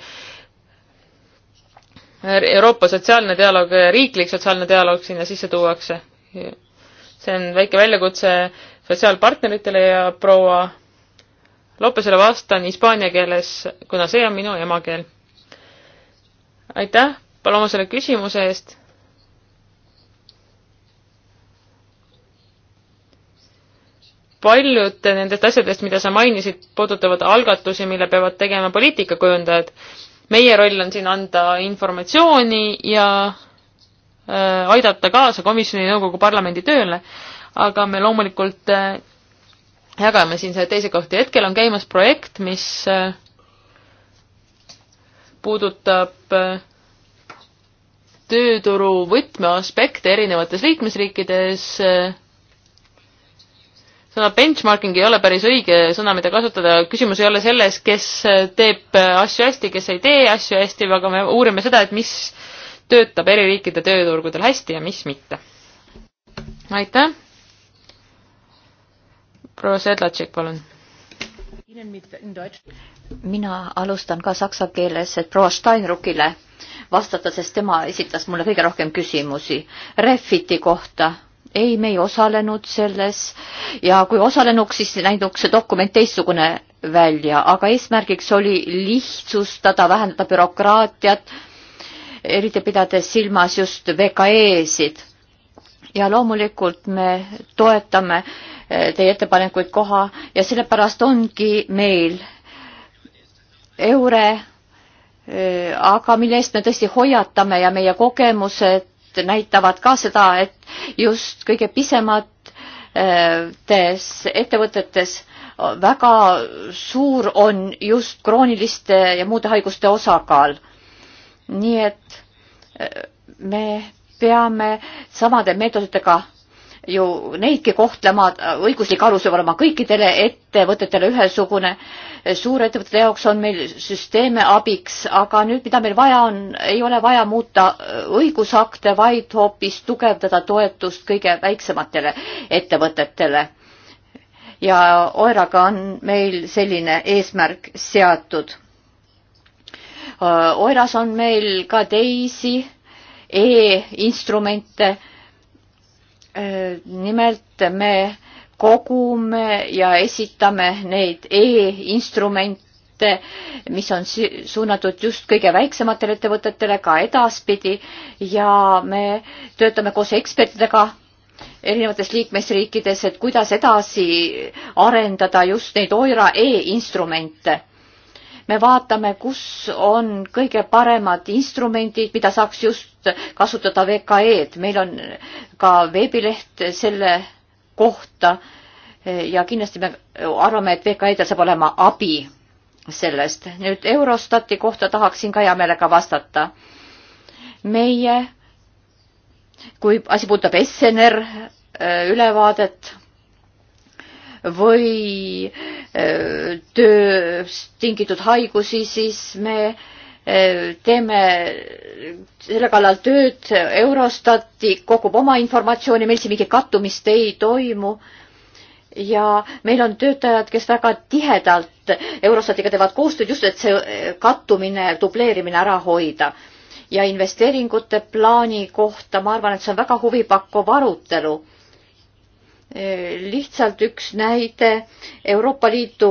Euroopa sotsiaalne dialoog ja riiklik sotsiaalne dialoog sinna sisse tuuakse? see on väike väljakutse sotsiaalpartneritele ja proua Lopesele vastan hispaania keeles, kuna see on minu emakeel. aitäh Paloma selle küsimuse eest paljud nendest asjadest, mida sa mainisid, puudutavad algatusi, mille peavad tegema poliitikakujundajad. meie roll on siin anda informatsiooni ja äh, aidata kaasa komisjoni, nõukogu, parlamendi tööle, aga me loomulikult äh, jagame siin selle teise kohti. hetkel on käimas projekt, mis äh, puudutab äh, tööturu võtmeaspekte erinevates liikmesriikides äh, sõna benchmarking ei ole päris õige sõna, mida kasutada, küsimus ei ole selles, kes teeb asju hästi, kes ei tee asju hästi, aga me uurime seda, et mis töötab eri riikide tööturgudel hästi ja mis mitte. aitäh. proua Sedlatšik, palun. mina alustan ka saksa keeles, et proua Steinruckile vastata, sest tema esitas mulle kõige rohkem küsimusi Refiti kohta ei, me ei osalenud selles ja kui osalenuks, siis näinuks see dokument teistsugune välja, aga eesmärgiks oli lihtsustada, vähendada bürokraatiat, eriti pidades silmas just VKE-sid. ja loomulikult me toetame eh, teie ettepanekuid koha ja sellepärast ongi meil Eure, eh, aga mille eest me tõesti hoiatame ja meie kogemused näitavad ka seda, et just kõige pisemates ettevõtetes väga suur on just krooniliste ja muude haiguste osakaal. nii et eh, me peame samade meetoditega ju neidki kohtlema, õiguslik alus peab olema kõikidele ettevõtetele ühesugune. suurettevõtete jaoks on meil süsteeme abiks, aga nüüd, mida meil vaja on, ei ole vaja muuta õigusakte, vaid hoopis tugevdada toetust kõige väiksematele ettevõtetele. ja OERAga on meil selline eesmärk seatud. OERAs on meil ka teisi e-instrumente Äh, nimelt me kogume ja esitame neid e-instrumente, mis on suunatud just kõige väiksematele ettevõtetele ka edaspidi ja me töötame koos ekspertidega erinevates liikmesriikides, et kuidas edasi arendada just neid OIRA e-instrumente me vaatame, kus on kõige paremad instrumendid, mida saaks just kasutada VKE-d. meil on ka veebileht selle kohta ja kindlasti me arvame, et VKE-del saab olema abi sellest. nüüd Eurostati kohta tahaksin ka hea meelega vastata. meie, kui asi puudutab SNR äh, ülevaadet või äh, tööst tingitud haigusi, siis me äh, teeme selle kallal tööd, Eurostat kogub oma informatsiooni, meil siin mingit kattumist ei toimu ja meil on töötajad, kes väga tihedalt Eurostatiga teevad koostööd just, et see äh, kattumine, dubleerimine ära hoida. ja investeeringute plaani kohta ma arvan, et see on väga huvipakkuv arutelu lihtsalt üks näide. Euroopa Liidu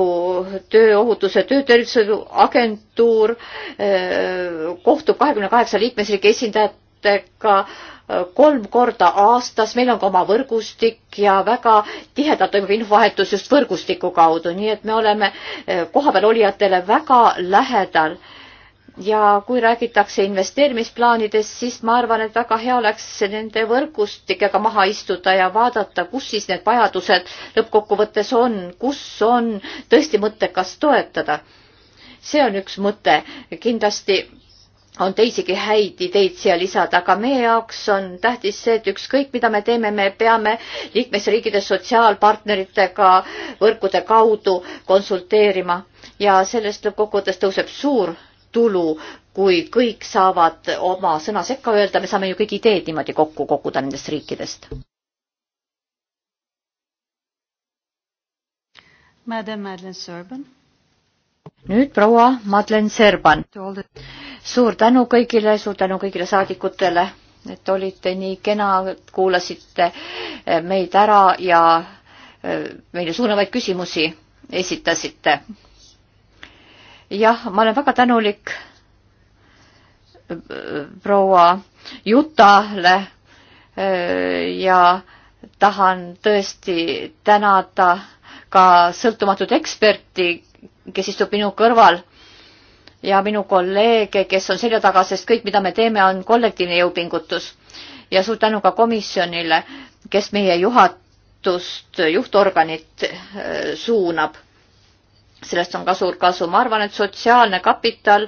tööohutuse töötervishoiu agentuur eh, kohtub kahekümne kaheksa liikmesriigi esindajatega eh, kolm korda aastas, meil on ka oma võrgustik ja väga tihedalt toimub infovahetus just võrgustiku kaudu, nii et me oleme eh, kohapeal olijatele väga lähedal ja kui räägitakse investeerimisplaanidest, siis ma arvan, et väga hea oleks nende võrgustikega maha istuda ja vaadata, kus siis need vajadused lõppkokkuvõttes on, kus on tõesti mõttekas toetada. see on üks mõte, kindlasti on teisigi häid ideid siia lisada, aga meie jaoks on tähtis see, et ükskõik, mida me teeme, me peame liikmesriikide sotsiaalpartneritega võrkude kaudu konsulteerima ja sellest lõppkokkuvõttes tõuseb suur tulu, kui kõik saavad oma sõna sekka öelda, me saame ju kõik ideed niimoodi kokku koguda nendest riikidest. nüüd proua Madlen Serban. suur tänu kõigile, suur tänu kõigile saadikutele, et olite nii kena, kuulasite eh, meid ära ja eh, meile suunavaid küsimusi esitasite jah, ma olen väga tänulik äh, proua Jutale äh, ja tahan tõesti tänada ka sõltumatut eksperti, kes istub minu kõrval ja minu kolleege, kes on selja taga, sest kõik, mida me teeme, on kollektiivne jõupingutus. ja suur tänu ka komisjonile, kes meie juhatust, juhtorganit äh, suunab sellest on ka suur kasu. ma arvan, et sotsiaalne kapital,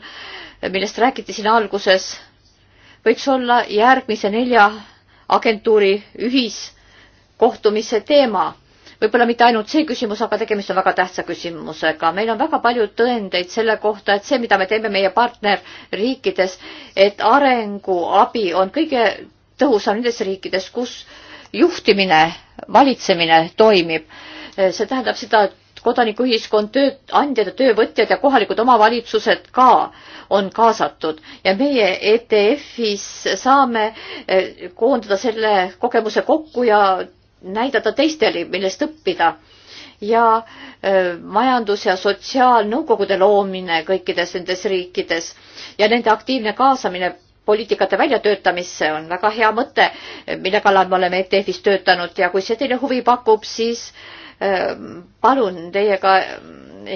millest räägiti siin alguses, võiks olla järgmise nelja agentuuri ühiskohtumise teema. võib-olla mitte ainult see küsimus, aga tegemist on väga tähtsa küsimusega. meil on väga palju tõendeid selle kohta, et see, mida me teeme meie partnerriikides, et arenguabi on kõige tõhusam nendes riikides, kus juhtimine, valitsemine toimib. see tähendab seda, et kodanikuühiskond, tööandjad ja töövõtjad ja kohalikud omavalitsused ka on kaasatud ja meie ETF-is saame eh, koondada selle kogemuse kokku ja näidata teistele, millest õppida ja eh, majandus- ja sotsiaalnõukogude loomine kõikides nendes riikides ja nende aktiivne kaasamine poliitikate väljatöötamisse on väga hea mõte, mille kallal me oleme ETF-is töötanud ja kui see teile huvi pakub, siis äh, Äh, palun teiega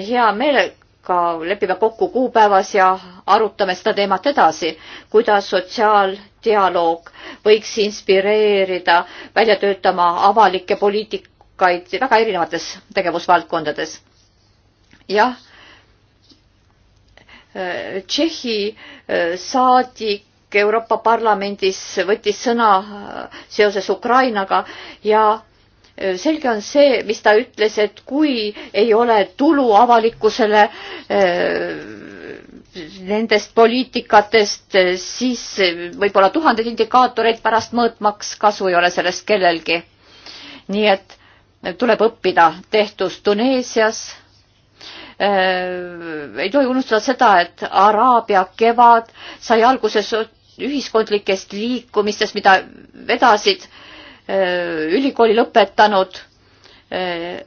hea meelega lepime kokku kuupäevas ja arutame seda teemat edasi, kuidas sotsiaaldialoog võiks inspireerida välja töötama avalikke poliitikaid väga erinevates tegevusvaldkondades. jah äh, Tšehhi äh, saadik Euroopa Parlamendis võttis sõna seoses Ukrainaga ja Äh, selge on see, mis ta ütles, et kui ei ole tulu avalikkusele äh, nendest poliitikatest, äh, siis võib-olla tuhandeid indikaatoreid pärast mõõtmaks kasu ei ole sellest kellelgi. nii et tuleb õppida tehtust Tuneesias. ei tohi unustada seda, et Araabia kevad sai alguse ühiskondlikest liikumistest, mida vedasid äh, Äh, ülikooli lõpetanud äh,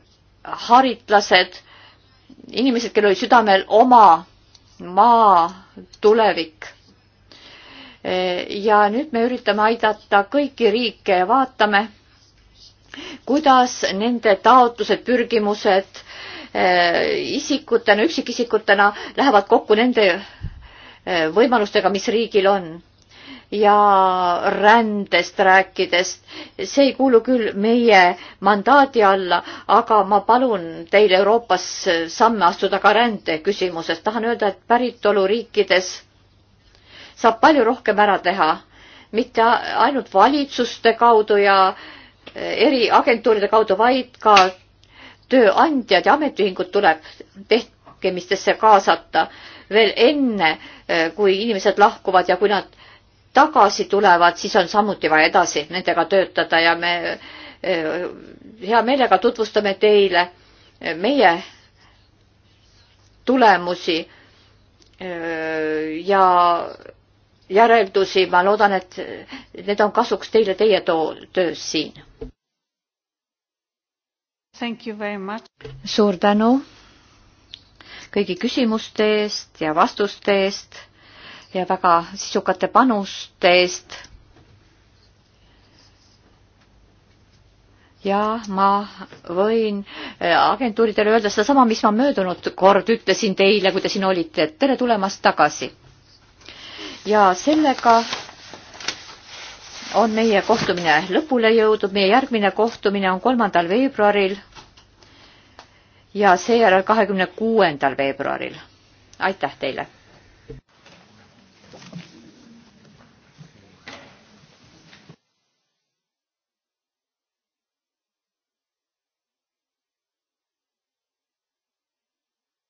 haritlased, inimesed, kellel oli südamel oma maa tulevik. Äh, ja nüüd me üritame aidata kõiki riike ja vaatame, kuidas nende taotlused, pürgimused isikutena, üksikisikutena lähevad kokku nende võimalustega, mis riigil on ja rändest rääkides. see ei kuulu küll meie mandaadi alla, aga ma palun teil Euroopas samme astuda ka rände küsimuses. tahan öelda, et päritoluriikides saab palju rohkem ära teha, mitte ainult valitsuste kaudu ja eriagentuuride kaudu, vaid ka tööandjad ja ametiühingud tuleb tehtgemistesse kaasata veel enne, kui inimesed lahkuvad ja kui nad tagasi tulevad, siis on samuti vaja edasi nendega töötada ja me eh, hea meelega tutvustame teile eh, meie tulemusi eh, ja järeldusi, ma loodan, et need on kasuks teile teie too töös siin. suur tänu kõigi küsimuste eest ja vastuste eest ja väga sisukate panuste eest. ja ma võin eh, agentuuridele öelda sedasama, mis ma möödunud kord ütlesin teile, kui te siin olite, et tere tulemast tagasi. ja sellega on meie kohtumine lõpule jõudnud, meie järgmine kohtumine on kolmandal veebruaril ja seejärel kahekümne kuuendal veebruaril. aitäh teile!